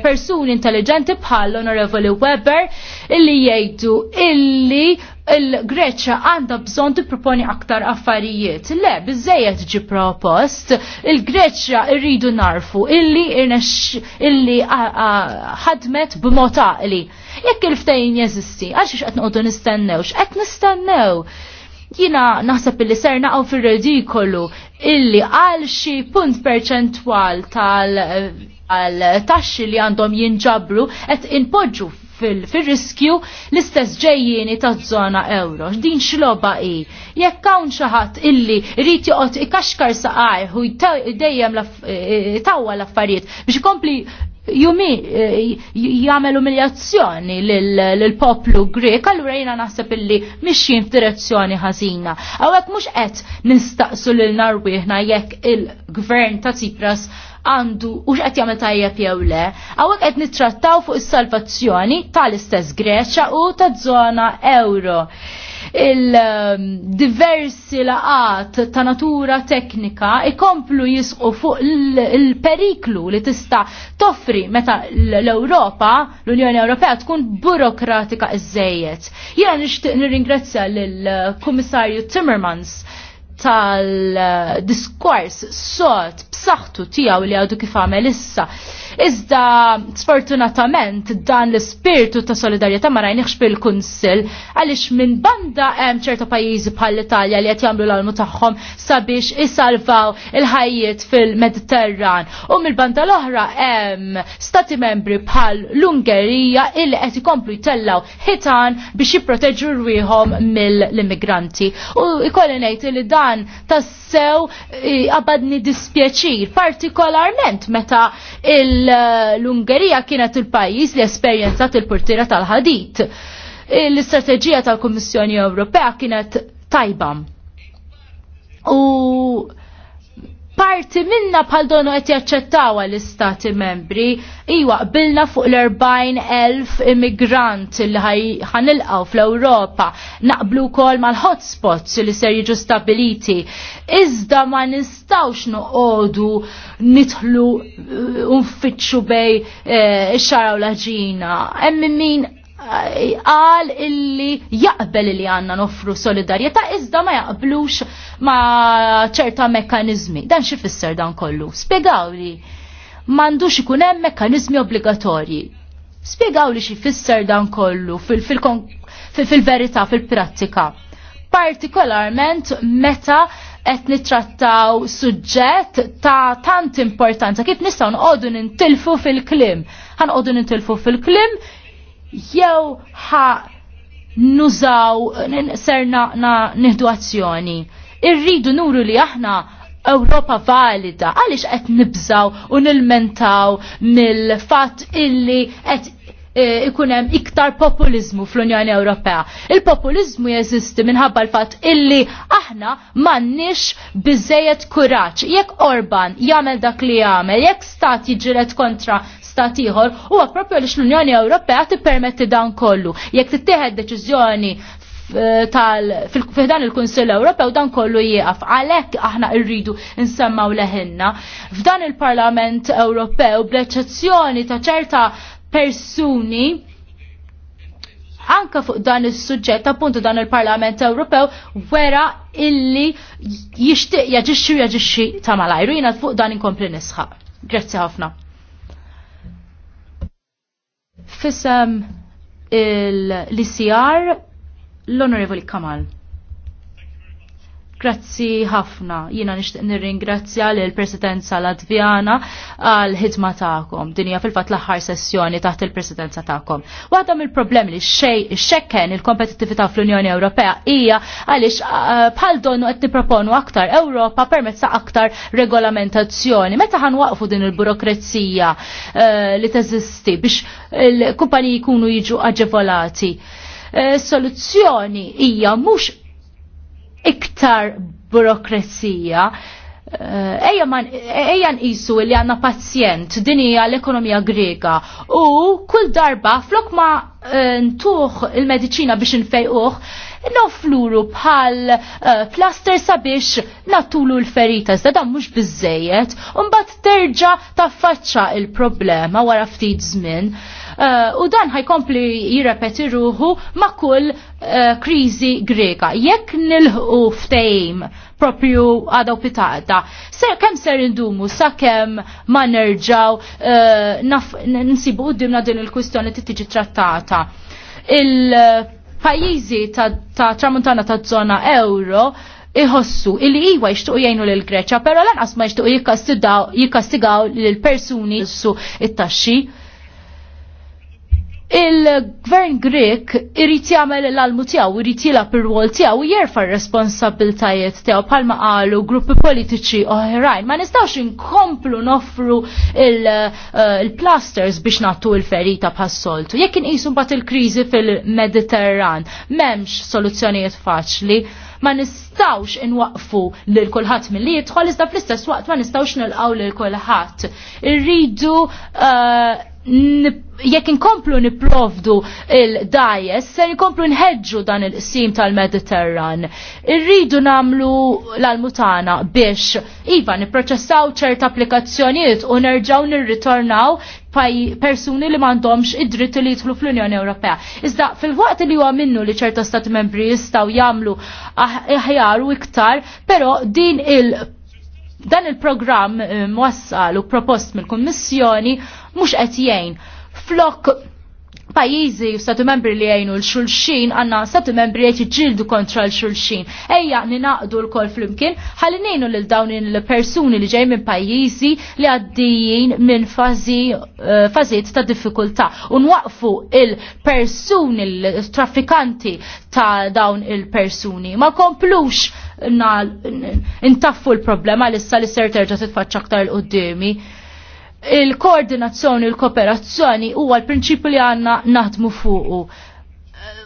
[SPEAKER 3] persuni intelligenti bħal l-Onorevoli Weber illi jgħidu illi il-Greċa għanda bżon tipproponi aktar affarijiet. Le, bizzejet ġi propost, il-Greċa irridu narfu, illi irnex, illi ħadmet b'motaqli. Jekk il-ftejn jeżisti, għax qed nistennew, nistennewx, qed nistennew jina naħseb illi ser naqgħu fir-redikolu illi għal xi punt perċentwal tal taxxi li għandhom jinġabru qed inpoġġu fil-riskju l-istess ġejjieni ta' zona euro. Din xloba i. Jekk hawn xi ħadd illi rrid joqgħod ikaxkar saqajh u dejjem eh, eh, tawwa l-affarijiet biex ikompli jumi eh, jagħmel umiljazzjoni lill-poplu Grek, allura jiena naħseb illi mixin f'direzzjoni ħażina. Għawek mhux qed nistaqsu lil narwieħna jekk il-gvern ta' Tsipras għandu u xqed jagħmel tajjeb jew le, hawnhekk qed nittrattaw fuq is-salvazzjoni tal-istess Greċa u taż-żona euro il-diversi laqat ta' natura teknika ikomplu jisqu fuq il-periklu li tista' toffri meta l-Ewropa, l-Unjoni Ewropea tkun burokratika iżejjed. Jiena nixtieq nirringrazzja lill-Kummissarju Timmermans tal-diskors sot b'saħħtu tiegħu li għadu kif għamel issa Iżda sfortunatament dan l-ispirtu ta' solidarjetà ma rajniex bil-Kunsill għaliex minn banda hemm ċerta pajjiżi bħall-Italja li qed jagħmlu l-almu tagħhom sabiex isalvaw il-ħajjiet fil-Mediterran. U mill-banda l-oħra hemm stati membri bħal l-Ungerija illi qed ikomplu jtellgħu ħitan biex jipproteġu rwieħhom mill-immigranti. U ikolli ngħid li dan tassew qabadni eh, dispjaċir partikolarment meta il- l-Ungerija kienet il-pajjiż li esperjenzat il-portira tal-ħadit. L-istrateġija tal-Kummissjoni Ewropea kienet tajba. U parti minna pal donu qed jaċċettawa l-istati membri iwa qbilna fuq l-40,000 immigrant li ħanilqaw fl-Ewropa naqblu kol mal-hotspots li ser jiġu stabiliti iżda ma nistawx noqogħdu nidħlu unfittxu uh, bej eh, xaraw laġina hemm min qal illi jaqbel li għanna nofru solidarieta iżda ma jaqblux ma ċerta mekanizmi. Dan xi fisser dan kollu? Spiegaw li m'għandux ikun hemm mekkanizmi obbligatorji. Spjegaw li xi fisser dan kollu fil-verità, fil-prattika. Partikolarment meta qed nittrattaw suġġett ta' tant importanza kif nistgħu noqogħdu nintilfu fil-klim. Ħanqogħdu nintilfu fil-klim jew ħa nużaw ser naqna nihdu azzjoni. Irridu nuru li aħna Ewropa valida, għaliex qed nibżaw u nilmentaw mill-fatt illi qed e, ikunem iktar populizmu fl-Unjoni Ewropea. Il-populizmu jeżisti minħabba l-fat illi aħna mannix bizzejet kuraċ. Jekk Orban jagħmel dak li jagħmel, jekk stat jiġilet kontra stat ieħor huwa proprju li l-Unjoni Ewropea tippermetti dan kollu. Jekk tittieħed deċiżjoni eh, tal fil-dan il-Kunsill Ewropew dan kollu jieqaf għalhekk aħna rridu nsemmaw leħinna. F'dan il-Parlament Ewropew bl ta' ċerta persuni anka fuq dan is-suġġett appunto dan il-Parlament Ewropew wera illi jixtieq jaġixxi jaġixxi ta' malajru jiena fuq dan inkompli nisħaq. Grazzi ħafna. Fissem l-ICR l honorable Kamal. Grazzi ħafna. Jina nixtieq nirringrazzja l presidenza Latvjana għal ħidma tagħkom. Dinja fil-fatt l-aħħar sessjoni taħt il-presidenza tagħkom. Waħda mill-problemi li xej xekken il-kompetittività fl-Unjoni Ewropea hija għaliex bħal donnu qed nipproponu aktar Ewropa permezz ta' aktar regolamentazzjoni. Meta ħan waqfu din il-burokrazija e, li teżisti biex il-kumpaniji jkunu jiġu aġevolati e, soluzzjoni hija mhux iktar burokrazija. Eh, ejja nqisu li għanna pazjent din hija l-ekonomija Grega u kull darba flok ma eh, ntuħ il-mediċina biex nfejquh nofluru bħal eh, plaster sabiex natulu l-ferita, iżda dan mhux bizzejet u mbagħad terġa' taffaċċa il-problema wara ftit żmien. Eh, u dan ħajkompli jirrepeti ruħu ma' kull eh, kriżi greka. Jekk nilħu ftejm propju għadaw pitata. Ser kem ser indumu, sa kem ma nerġaw eh, nsibu għoddimna din il-kwistjoni tiġi trattata. Il-pajizi ta' tramuntana ta' zona euro iħossu il iwa jixtuq jajnu l Greċa, pero lanqas ma jixtuq jikkastigaw l persuni jissu it-taxxi il-gvern Grek irrit jagħmel l-almu tiegħu, irrit jilha ir-rwol tiegħu u jerfa' r-responsabbiltajiet tiegħu bħalma qalu gruppi politiċi oħrajn. Ma nistgħux inkomplu noffru il-plasters eh, biex nagħtu l-ferita bħas-soltu. Jekk inqisu mbagħad il-kriżi fil-Mediterran, m'hemmx soluzzjonijiet faċli ma nistawx inwaqfu lil kulħadd milli jidħol iżda fl-istess waqt ma nistawx nilqgħu lil kulħadd. Irridu uh, jekk inkomplu niprovdu il-dajes, se inkomplu nħedġu dan il-qsim tal-Mediterran. Irridu namlu l-almutana biex iva niproċessaw ċert applikazzjonijiet u nerġaw nirritornaw persuni li mandomx id-dritt li jidħlu fl-Unjoni Ewropea. Iżda fil-waqt li huwa minnu li ċerta stati membri jistgħu jagħmlu ah-, aħjar u iktar, però din il- dan il-programm eh, mwassal u propost mill-Kummissjoni mhux qed jgħin. Flok pajizi u statu membri li jgħinu l-xulxin, għanna statu membri jgħet ġildu kontra l-xulxin. Ejja, ninaqdu l-kol fl-imkien, nejnu l-dawn l-persuni li ġej minn pajizi li għaddijin minn fazit eh, ta' diffikultà. Unwaqfu il-persuni, il-traffikanti ta' dawn il-persuni. Ma komplux intaffu l-problema l-issa li ser terġa titfaċċa aktar l-qoddimi. Il-koordinazzjoni, il-kooperazzjoni huwa l-prinċipju li għanna naħdmu fuqu.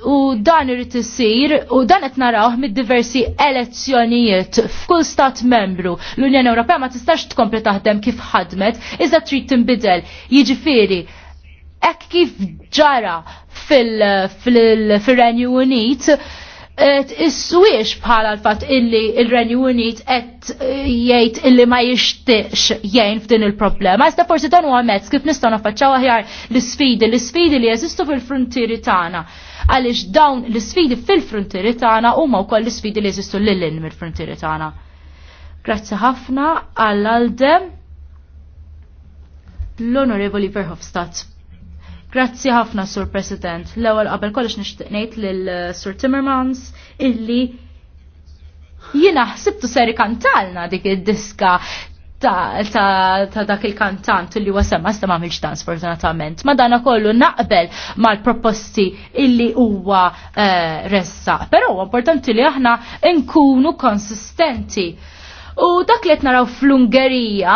[SPEAKER 3] U dan irrid isir u dan qed narawh mid-diversi elezzjonijiet f'kull stat membru. L-Unjoni Ewropea ma tistax tkompli taħdem kif ħadmet iżda trid tinbidel. Jiġifieri, hekk kif ġara fil-Renju Unit, Is-swiex bħala l-fat illi il-Renju Unit qed eh, jgħid illi ma jishtiqx jgħin f'din il-problema. Iżda forsi dan huwa mezz kif nistgħu naffaċċaw aħjar l-isfidi, l-isfidi li jeżistu fil-frontieri tagħna. Għaliex dawn l-isfidi fil-frontieri tagħna huma wkoll l sfidi li jeżistu l lin mill-frontieri tagħna. Grazzi ħafna għall-Aldem l-Onorevoli Verhofstadt. Grazzi ħafna, Sur President. L-ewwel qabel kollox nixtieq ngħid lil eh, Sur Timmermans illi jiena ħsibtu seri kantalna dik id-diska ta', dak il-kantant illi wasem ma' ma' milx dan sfortunatament. Ma dana kollu naqbel mal-proposti illi huwa ressaq, eh, ressa. Pero importanti li aħna nkunu konsistenti. U dak li qed naraw fl-Ungerija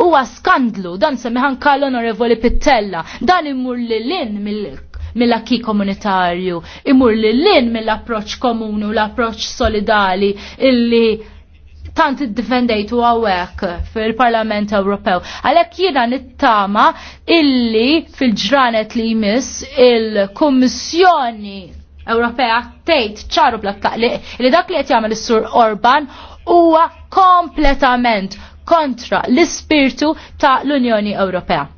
[SPEAKER 3] huwa skandlu, dan semmiħan kall onorevoli Pittella, dan imur l-in mill-akki komunitarju, imur in mill-approċ komunu, l-approċ solidali illi tant id u għawek fil-Parlament Ewropew. Għalek jiena nittama illi fil-ġranet li jmiss il-Kommissjoni Ewropea tejt ċaru bla li dak li qed jagħmel is-Sur Orban huwa kompletament kontra l-ispirtu ta' l-Unjoni Ewropea.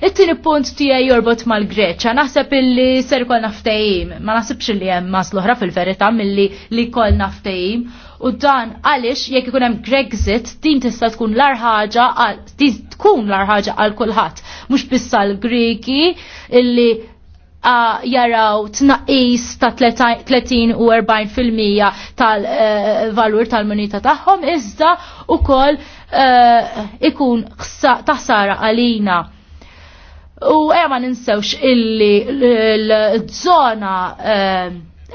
[SPEAKER 3] It-tieni punt tiegħi jorbot mal-Greċja, naħseb illi ser kolna ftehim, ma naħsibx li hemm mas l-oħra fil-verità milli li kolna ftehim, u dan għaliex jekk ikun hemm Grexit din tista' tkun l-ar ħaġa tkun l-ar ħaġa għal kulħadd, mhux biss għall Griki illi jaraw tnaqis ta' 30 u 40 fil-mija tal-valur eh, tal-munita tagħhom iżda ukoll eh, ikun taħsara għalina. U ma ninsewx illi l-żona eh,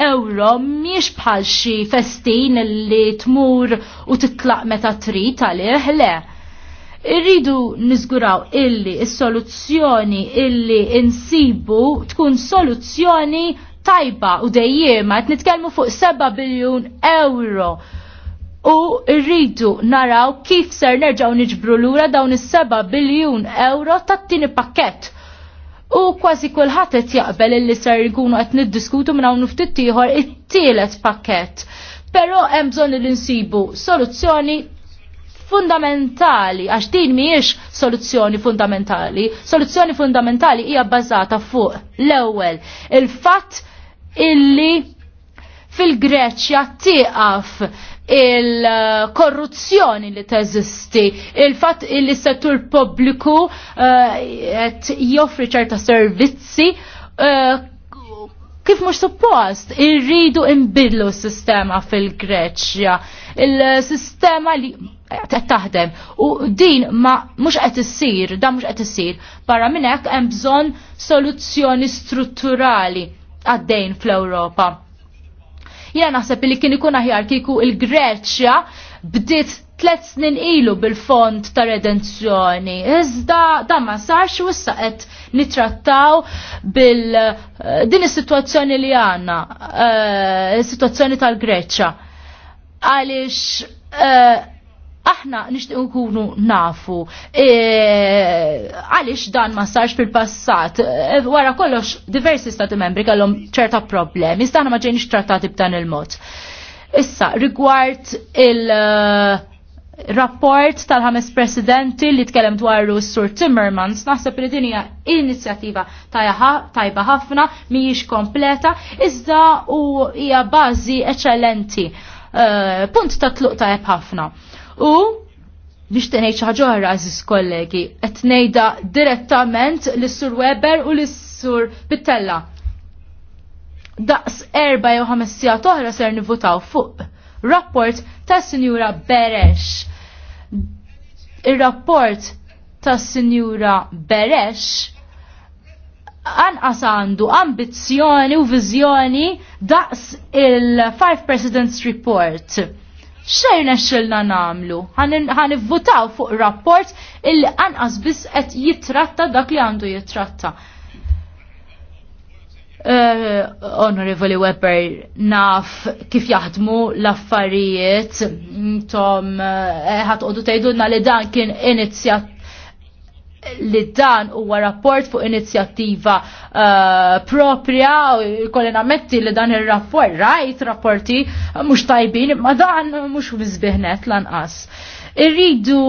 [SPEAKER 3] euro miex bħal xi festin illi tmur u titlaq meta trid għalih le Irridu nizguraw illi il soluzzjoni illi insibu tkun soluzzjoni tajba u dejjema qed nitkellmu fuq 7 biljun euro. U rridu naraw kif ser nerġgħu niġbru lura dawn is-7 biljun euro tat-tieni pakkett. U kważi kulħadd qed jaqbel illi ser jkunu qed niddiskutu minn hawn ftit ieħor it-tielet pakkett. Però hemm bżonn li nsibu soluzzjoni fundamentali, għax din miex soluzzjoni fundamentali. Soluzzjoni fundamentali hija bbażata fuq l-ewwel il-fatt illi fil-Greċja tieqaf il-korruzzjoni li teżisti, il-fatt illi settur pubbliku eh, qed joffri ċerta servizzi uh, kif mhux suppost irridu imbidlu s-sistema fil-Greċja. Il-sistema li qed taħdem u din ma mhux qed issir, da mhux qed issir. Barra minn hekk hemm bżonn soluzzjoni strutturali għaddejn fl-Ewropa. Jiena naħseb li kien ikun aħjar kieku il-Greċja bdiet tlet snin ilu bil-fond ta' redenzjoni. Iżda da ma sarx u issa qed nitrattaw bil eh, din is-sitwazzjoni li għandna, eh, is-sitwazzjoni tal-Greċċa. Għaliex eh, aħna nixtieq nkunu nafu għaliex dan ma sarx fil-passat wara kollox diversi stati membri kellhom ċerta problemi iżda aħna ma ġejniex trattati b'dan il-mod. Issa rigward il- uh, rapport tal-ħames presidenti li tkellem dwar sur Timmermans, naħseb li dinija inizjattiva tajba ħafna, mhijiex kompleta, iżda u hija bażi eċċellenti. Eh, punt ta' tluq tajb ħafna. U biex tenejt oħra, aziz kollegi, qed ngħidha direttament lis sur Weber u lis sur Pittella. Daqs erba jew ħames sija toħra ser nivutaw fuq rapport ta' Sinjura Beresh. Il-rapport ta' Sinjura Beresh anqas għandu ambizzjoni u viżjoni daqs il-Five Presidents Report. Xejn xilna namlu, Għan votaw fuq rapport il-anqas bis qed jitratta dak li għandu jitratta. Honorable eh, Onorevoli Webber, naf kif jaħdmu l-affarijiet, tom, eh, ħat uh, tajdunna li dan kien inizjat li dan huwa rapport fuq inizjattiva uh, propria, kollina nammetti li dan il-rapport, rajt rapporti, mux tajbin, ma dan mux bizbihnet lanqas. Irridu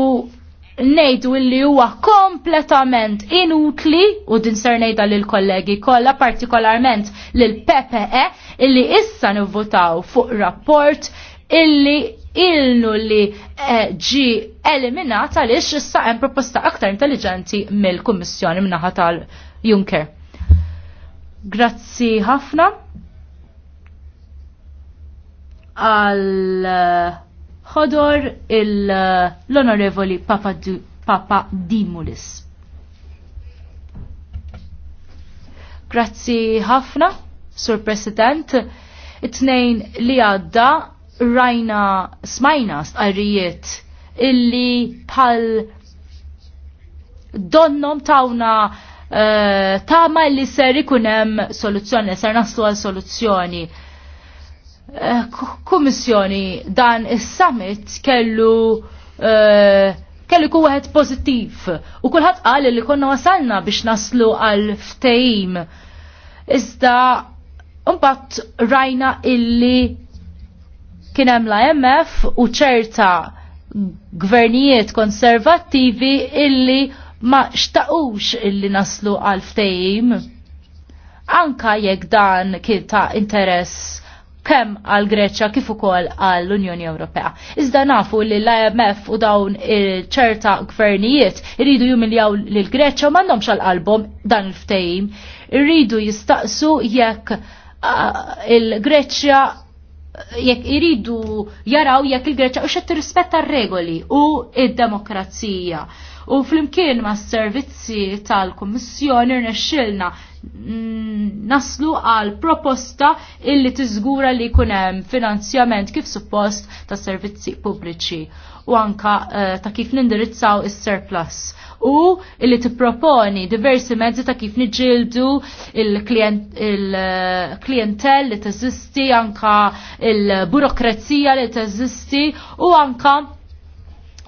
[SPEAKER 3] nejdu illi huwa kompletament inutli u din ser nejda lil kollegi kollha partikolarment lil PPE e, illi issa nivvotaw fuq rapport illi ilnu li eh, ġi eliminat għaliex issa hemm proposta aktar intelligenti mill-Kummissjoni minnaħa tal-Juncker. Grazzi ħafna għal eh, ħodor eh, l-Onorevoli Papa, Papa Dimulis. Grazzi ħafna, Sur President. It-tnejn li għadda rajna smajna stqarrijiet illi bħal donnom tawna uh, tama li ser ikunem soluzzjoni, ser naslu għal soluzzjoni. Eh, kummissjoni dan is-summit kellu eh, kellu ku wieħed pozittiv u kulħadd għal li konna wasalna biex naslu għal ftehim. Iżda mbagħad rajna illi kien hemm l u ċerta gvernijiet konservattivi illi ma xtaqux illi naslu għal ftehim. Anka jekk dan kien ta' interess kemm għal Greċja kif ukoll għall unjoni Ewropea. Iżda nafu li l-IMF u dawn ċerta gvernijiet iridu jumiljaw lil Greċja u m'għandhomx għal qalbhom dan il ftejim irridu jistaqsu jekk il-Greċja jekk iridu jaraw jekk il-Greċja u xed tirrispetta r-regoli u id-demokrazija u flimkien ma' servizzi tal-Kummissjoni rnexxilna naslu għal proposta illi tiżgura li kunem finanzjament kif suppost ta' servizzi pubbliċi u anka eh, ta' kif nindirizzaw is-surplus u illi tipproponi diversi mezzi ta' kif niġildu il-klientel il eh, li teżisti anka il-burokrazija li teżisti u anka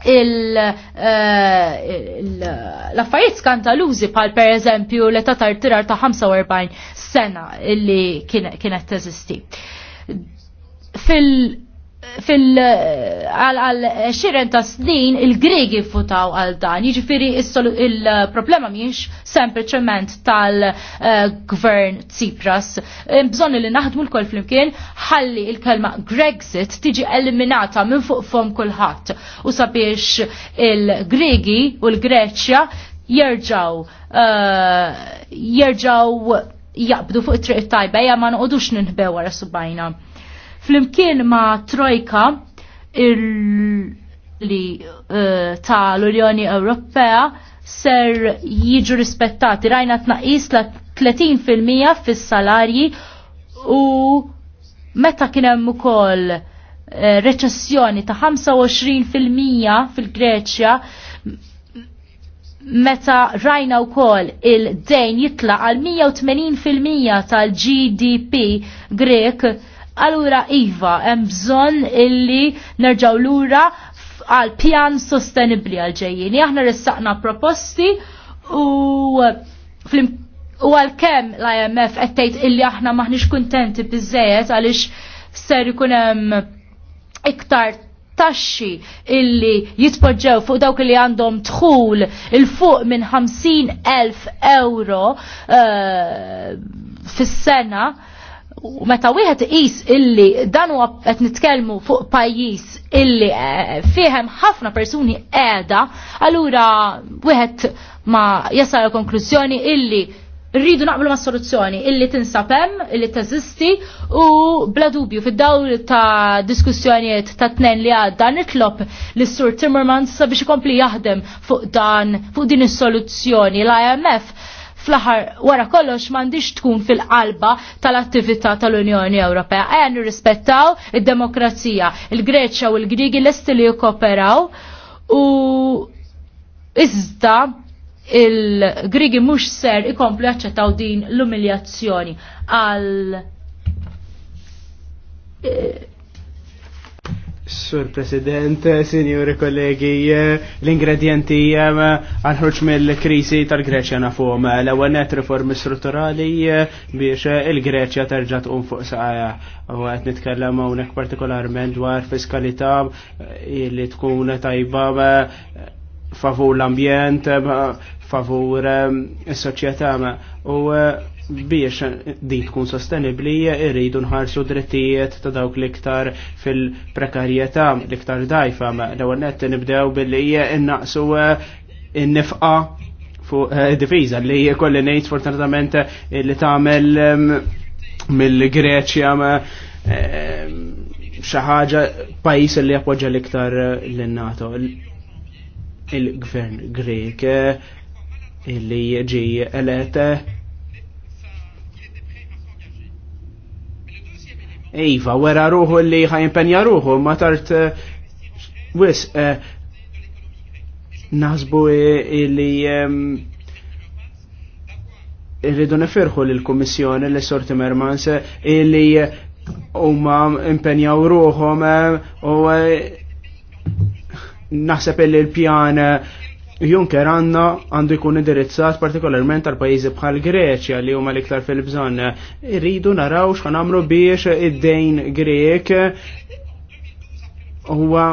[SPEAKER 3] Eh, l-affarijiet skandalużi pal per eżempju l ta' tartirar ta' 45 sena illi kienet teżisti. Fil- fil għal xiren ta' snin il-Gregi futaw għal dan. Jiġifieri il-problema miex sempliċement tal-gvern Tsipras. Bżonn li naħdmu l-kol flimkien ħalli il-kelma Grexit tiġi eliminata minn fuq fom kulħadd u sabiex il-Gregi u l-Greċja jerġaw eh, jerġaw jaqbdu fuq it-triq tajba ja ma noqogħdux ninħbew wara subajna. Flimkien ma' Trojka li eh, ta' l-Unjoni Ewropea ser jiġu rispettati. Rajna tnaqis la 30% fis-salarji u meta kien hemm ukoll eh, reċessjoni ta' 25% fil-Greċja meta rajna wkoll il-dejn jitla għal 180% tal-GDP Grek Allura Iva, hemm bżonn illi nerġaw lura għal pjan sostenibli għal ġejjini. Aħna ressaqna proposti u u għal kem l-IMF għettejt illi aħna maħnix kontenti bizzejet għalix ser hemm iktar taxxi illi jitpoġġew fuq dawk li għandhom tħul il-fuq minn 50.000 euro uh, fis-sena U meta wieħed qis illi dan huwa qed nitkellmu fuq pajjiż illi eh, fihem ħafna persuni qiegħda, allura wieħed ma jasal konklużjoni illi rridu naqblu ma' soluzzjoni illi tinsab hemm, illi teżisti u bla dubju fid-dawl ta' diskussjonijiet ta' tnejn li għadda nitlob lis sur Timmermans sabiex ikompli jaħdem fuq dan fuq din is-soluzzjoni l-IMF fl-aħħar wara kollox m'għandix tkun fil-qalba tal-attività tal-Unjoni Ewropea. Ejja nirrispettaw id-demokrazija. Il-Greċja u l-Grigi lesti li jkoperaw u iżda il-Grigi mhux ser ikomplu jaċċettaw din l-umiljazzjoni għal eh,
[SPEAKER 2] Sur President, signori kollegi, l-ingredienti eh, għanħroċ mill-krisi tal-Greċja nafum. L-ewwel net reformi strutturali eh, biex il-Greċja terġa' tqum fuq saqajja. U qed nitkellem hawnhekk partikolarment dwar fiskalità eh, li tkun tajba favur l-ambjent, favur is-soċjetà u biex din tkun sostenibli irridu nħarsu drittijiet ta' dawk liktar fil-prekarjetà, liktar dajfa. L-ewwel nett nibdew billi innaqsu eh, in-nifqa fuq eh, diviża li kolli ngħid fortunatament li tagħmel mill-Greċja xi ħaġa pajjiż li jappoġġa l-iktar eh, lin-NATO il-gvern Grek illi ġi elette Iva, wera ruħu li impenja ruħu, ma tart eh, wis eh, naħsbu li irridu nifirħu l-Komissjoni li sorti Mermans li huma impenjaw ruħhom eh, u naħseb li l-pjan Juncker għanna għandu jkun indirizzat partikolarment għal pajjiżi bħal Greċja li huma l-iktar fil-bżonn. Irridu naraw x'kan nagħmlu biex id-dejn Grek huwa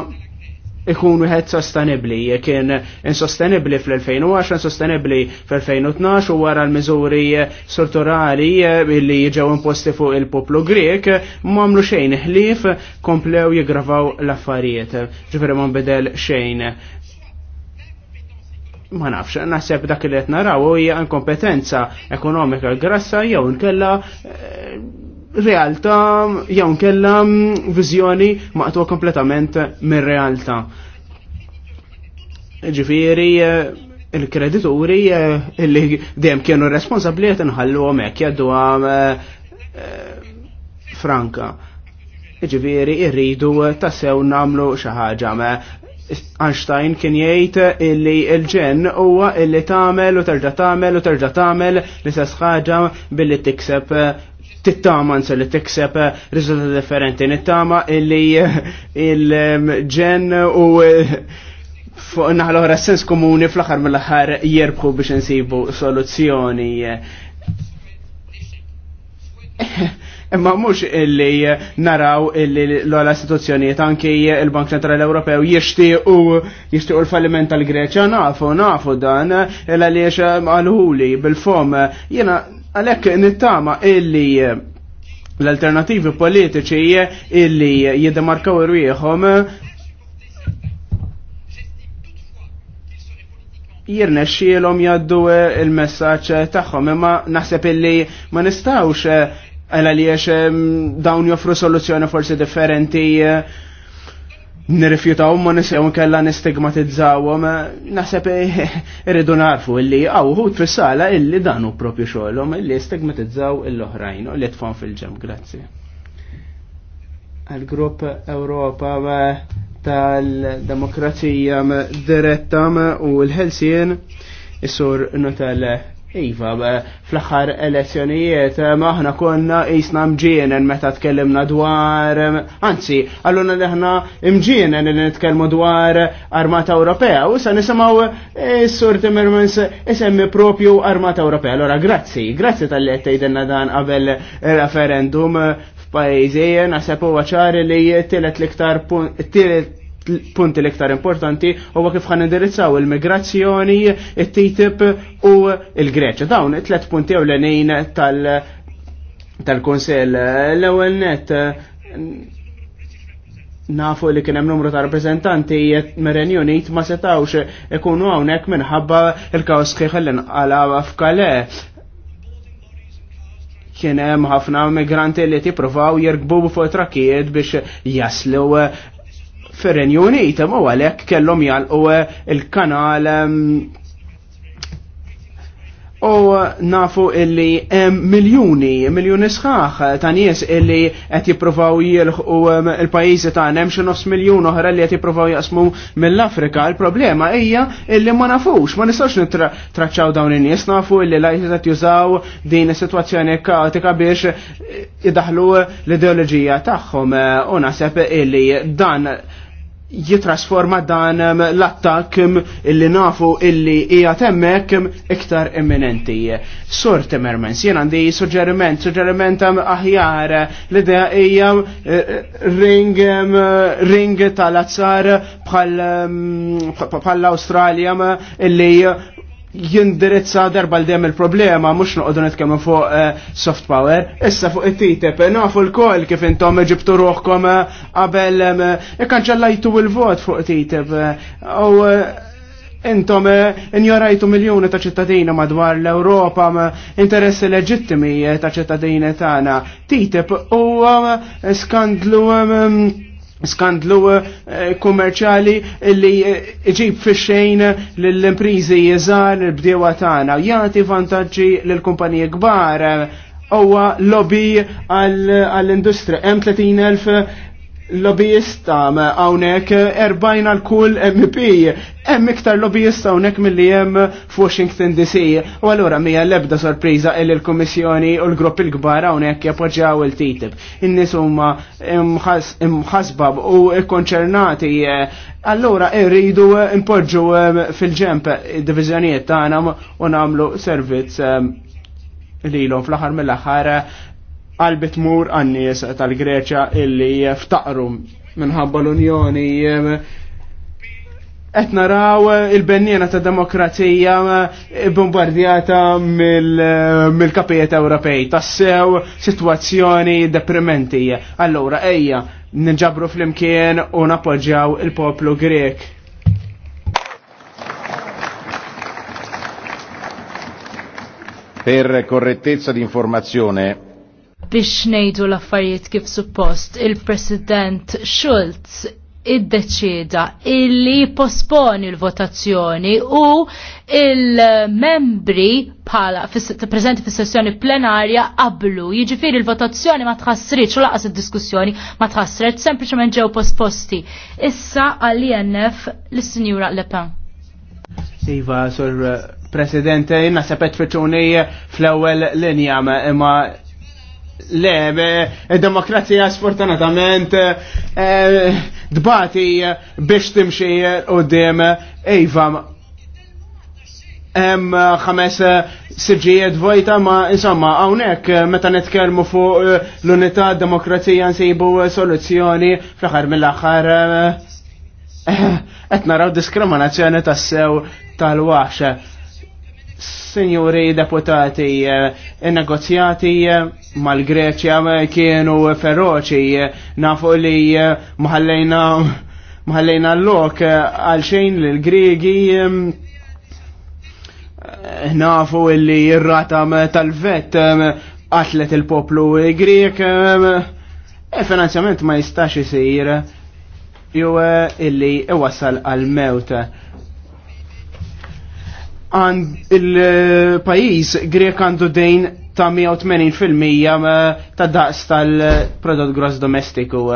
[SPEAKER 2] ikun wieħed sostenibbli, kien insostenibbli fl-2010, insostenibbli fl-2012 u wara l-miżuri strutturali li ġew imposti fuq il-poplu Grek m'għamlu xejn ħlief komplew jiggravaw l-affarijiet. Ġifieri ma bidel xejn ma nafx, naħseb dak li qed naraw hija inkompetenza ekonomika grassa jew nkella eh, realtà jew nkella mm, viżjoni maqtuha kompletament mir-realtà. Ġifieri eh, il-kredituri eh, li dejjem kienu responsabbli qed inħallu hemmhekk jadduha franka. Ġifieri irridu tassew nagħmlu xi ħaġa Einstein kien jgħid illi l-ġen huwa illi tagħmel u terġa' tagħmel u terġa' tagħmel li se sħaġa billi tikseb tittaman se li tikseb riżultati differenti. Nittama illi il-ġen u fuq naħlu sens komuni fl-aħħar mill-aħħar jerbħu biex insibu soluzzjoni. Imma mhux illi naraw illi l għala istituzzjonijiet anki il-Bank Centrali Ewropew jixtiequ jixtiequ l-falliment tal-Greċja nafu nafu dan għaliex għalhuli bil-fom jena għalhekk nittama illi l-alternativi politiċi illi jiddemarkaw jirne xielom jaddu il-messaġġ tagħhom imma naħseb illi ma nistgħux għal għaliex dawn joffru soluzzjoni forsi differenti eh, nirrifjutawhom ma nisgħu nkella nistigmatizzawhom, eh, naħseb eh, irridu narfu illi għaw ħut fis-sala illi dan propju xogħolhom illi stigmatizzaw l-oħrajn u li tfon fil-ġem, grazzi. Għal-grupp Ewropa tal-demokrazija diretta u l ħelsien is-sur Iva, fl-axar elezzjonijiet, eh, maħna konna jisna mġienen meta tkellimna dwar, eh, anzi, għalluna liħna mġienen li nitkellmu dwar Armata Ewropea, u sa nisimaw s-sur eh, Timmermans isemmi propju Armata Ewropea. Allora, grazzi, grazzi tal-li għettejdenna dan qabel referendum f'pajzijen, għasepu għacħar li t-tilet l-iktar punt, punti l-iktar importanti huwa kif ħan indirizzaw il-migrazzjoni, it-TTIP u il-Greċja. Dawn it-tlet punti l tal tal-Kunsell. l ewel net nafu li kien hemm numru ta' rappreżentanti mir-Renju Unit ma setawx ikunu hawnhekk minħabba il-kaos kieħ li nqala f'Kale kien hemm ħafna migranti li tippruvaw jerkbu fuq trakkijiet biex jaslu fir-Renju Unit, u għalhekk kellhom u eh, il-kanal ehm, U nafu illi ehm, miljoni, miljoni sħax ta' nies illi qed jippruvaw jilħu ehm, il-pajjiżi tagħna hemm xi nofs miljun oħra li qed jippruvaw jaqsmu mill-Afrika. Il-problema hija illi ma nafux, ma nistgħux nittraċċaw dawn in-nies, nafu illi lajt qed jużaw din is-sitwazzjoni kaotika biex eh, idaħlu l-ideoloġija tagħhom eh, u naħseb illi dan jitrasforma dan l-attak illi nafu illi hija temmek iktar imminenti. Sur Timmermans, jien għandi suġġeriment, suġġeriment aħjar l-idea hija eh, ring ring tal-azzar bħal l-Awstralja illi jindirizza darba l-dem il-problema, mux noqdu netkemmu fuq eh, soft power, issa fuq it-TTIP, nafu l-koll kif intom ġibtu ruħkom eh, qabel ikkanċallajtu eh, il-vot fuq TTIP. U intom injorajtu miljoni ta' ċittadini madwar l-Europa interessi leġittimi ta' ċittadini tagħna. TTIP u skandlu skandlu eh, kummerċali li eh, ġib fi xejn l-imprizi jizar l-bdiewa tagħna u jagħti vantaġġi lill-kumpaniji kbar huwa lobby għall-industrija. m 30,000 lobbyista għawnek 40 l-kull MP. Hemm iktar lobbyista għawnek mill-li hemm f'Washington DC. U allura mija l-ebda sorpriża il l komissjoni u l-grupp il-kbar għawnek jappoġġjaw il-TTIP. In-nies huma imħasba u konċernati. allora irridu impoġġu um, fil-ġemp id-diviżjonijiet tagħna u nagħmlu servizz um, li fl-aħħar mill-aħħar qalbit mur għannies tal-Greċja illi ftaqru minħabba l-Unjoni qed naraw il benjena ta' demokrazija eh, bombardjata mill-kapijiet Ewropej tassew sitwazzjoni deprimenti. Allora ejja ninġabru fl-imkien u napoġġjaw il-poplu Grek. Per correttezza di informazione,
[SPEAKER 3] biex nejdu l-affarijiet kif suppost il-President Schulz id-deċida illi posponi l-votazzjoni u il-membri pala prezenti fis sessjoni plenarja qablu. Jiġifieri l-votazzjoni ma tħassritx u laqas id-diskussjoni ma tħassret, sempliċement ġew posposti. Issa għall-INF l-Sinjura Le Pen.
[SPEAKER 2] Iva, sur eh, Presidente, jina sepet fl ewwel linja imma Le, e, demokrazija sfortunatament e, e, dbati biex timxi u dim Eva hemm ħames siġijiet vojta ma insomma hawnhekk meta nitkellmu fuq l-unità demokrazija nsibu soluzzjoni fl-aħħar mill-aħħar qed naraw diskriminazzjoni tassew tal-waxa. Signori deputati, eh, negozjati eh, mal-Greċja eh, kienu feroċi, nafu li maħallejna maħallejna l-lok għalxejn l-Gregi nafu li r tal-vet għatlet il-poplu Grek e finanzjament ma jistax isir jew illi iwassal għal-mewt il-pajis Grek għandu dejn ta' 180% ta' daqs tal-prodott gross domestiku.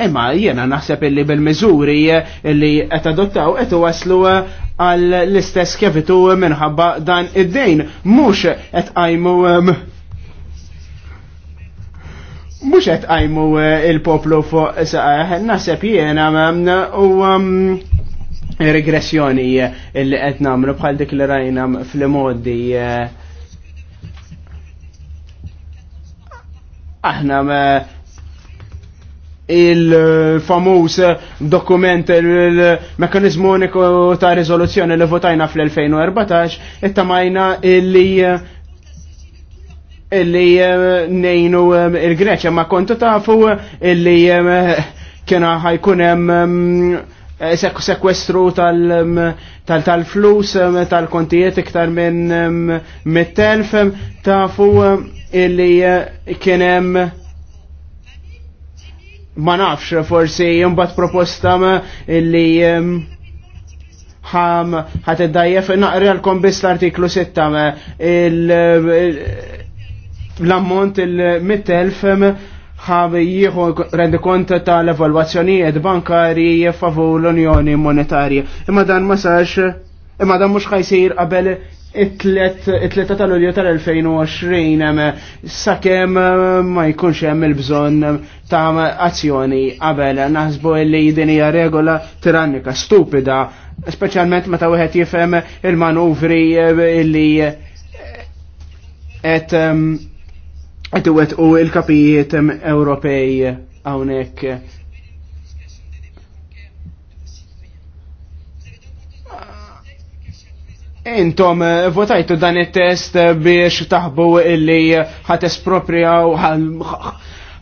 [SPEAKER 2] Imma jena naħseb illi bil-mizuri illi qed adottaw qed waslu għal l-istess kevitu minħabba dan id-dejn mhux qed qajmu um, mhux qed qajmu uh, il-poplu fuq naħseb jiena um, u um, regressjoni li qed nagħmlu bħal dik li rajna fl-modi eh, aħna eh, il-famuż dokument il-mekanizmu uniku ta' rizoluzzjoni li votajna fl-2014 ittamajna illi illi eh, nejnu il-Greċja ma kontu tafu illi kena ħajkunem Eh, sekwestru mm, tal-flus, mm, tal-kontijiet iktar minn mm, mit-telf, tafu illi eh, kienem ma nafx forsi jumbat proposta illi ħat id-dajjef naqra l-kombis l-artiklu 6 l-ammont il-mit-telf ħavi jieħu rendi kont tal-evalwazzjonijiet bankari favur l-Unjoni Monetarja. Imma dan ma sarx, imma dan mhux ħajsir qabel it-tleta tal-ulju tal-2020 sakemm ma jkunx hemm il-bżonn ta' azzjoni qabel naħsbu li din hija regola tirannika stupida, speċjalment meta wieħed jifhem il-manuvri illi qed għetiwet u il-kapijiet Ewropej għawnek Intom eh, votajtu dan it-test biex taħbu illi ħat espropriaw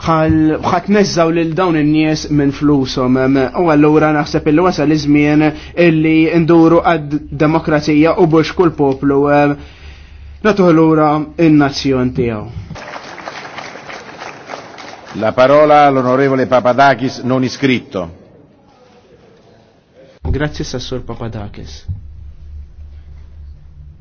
[SPEAKER 2] ħat nezzaw lil dawn in-nies minn flusom. U allura naħseb illi wasal iż-żmien illi nduru għad demokrazija u biex kull poplu eh, natuħ lura in-nazzjon tiegħu. La parola all'onorevole Papadakis non iscritto. Grazie Sassor Papadakis.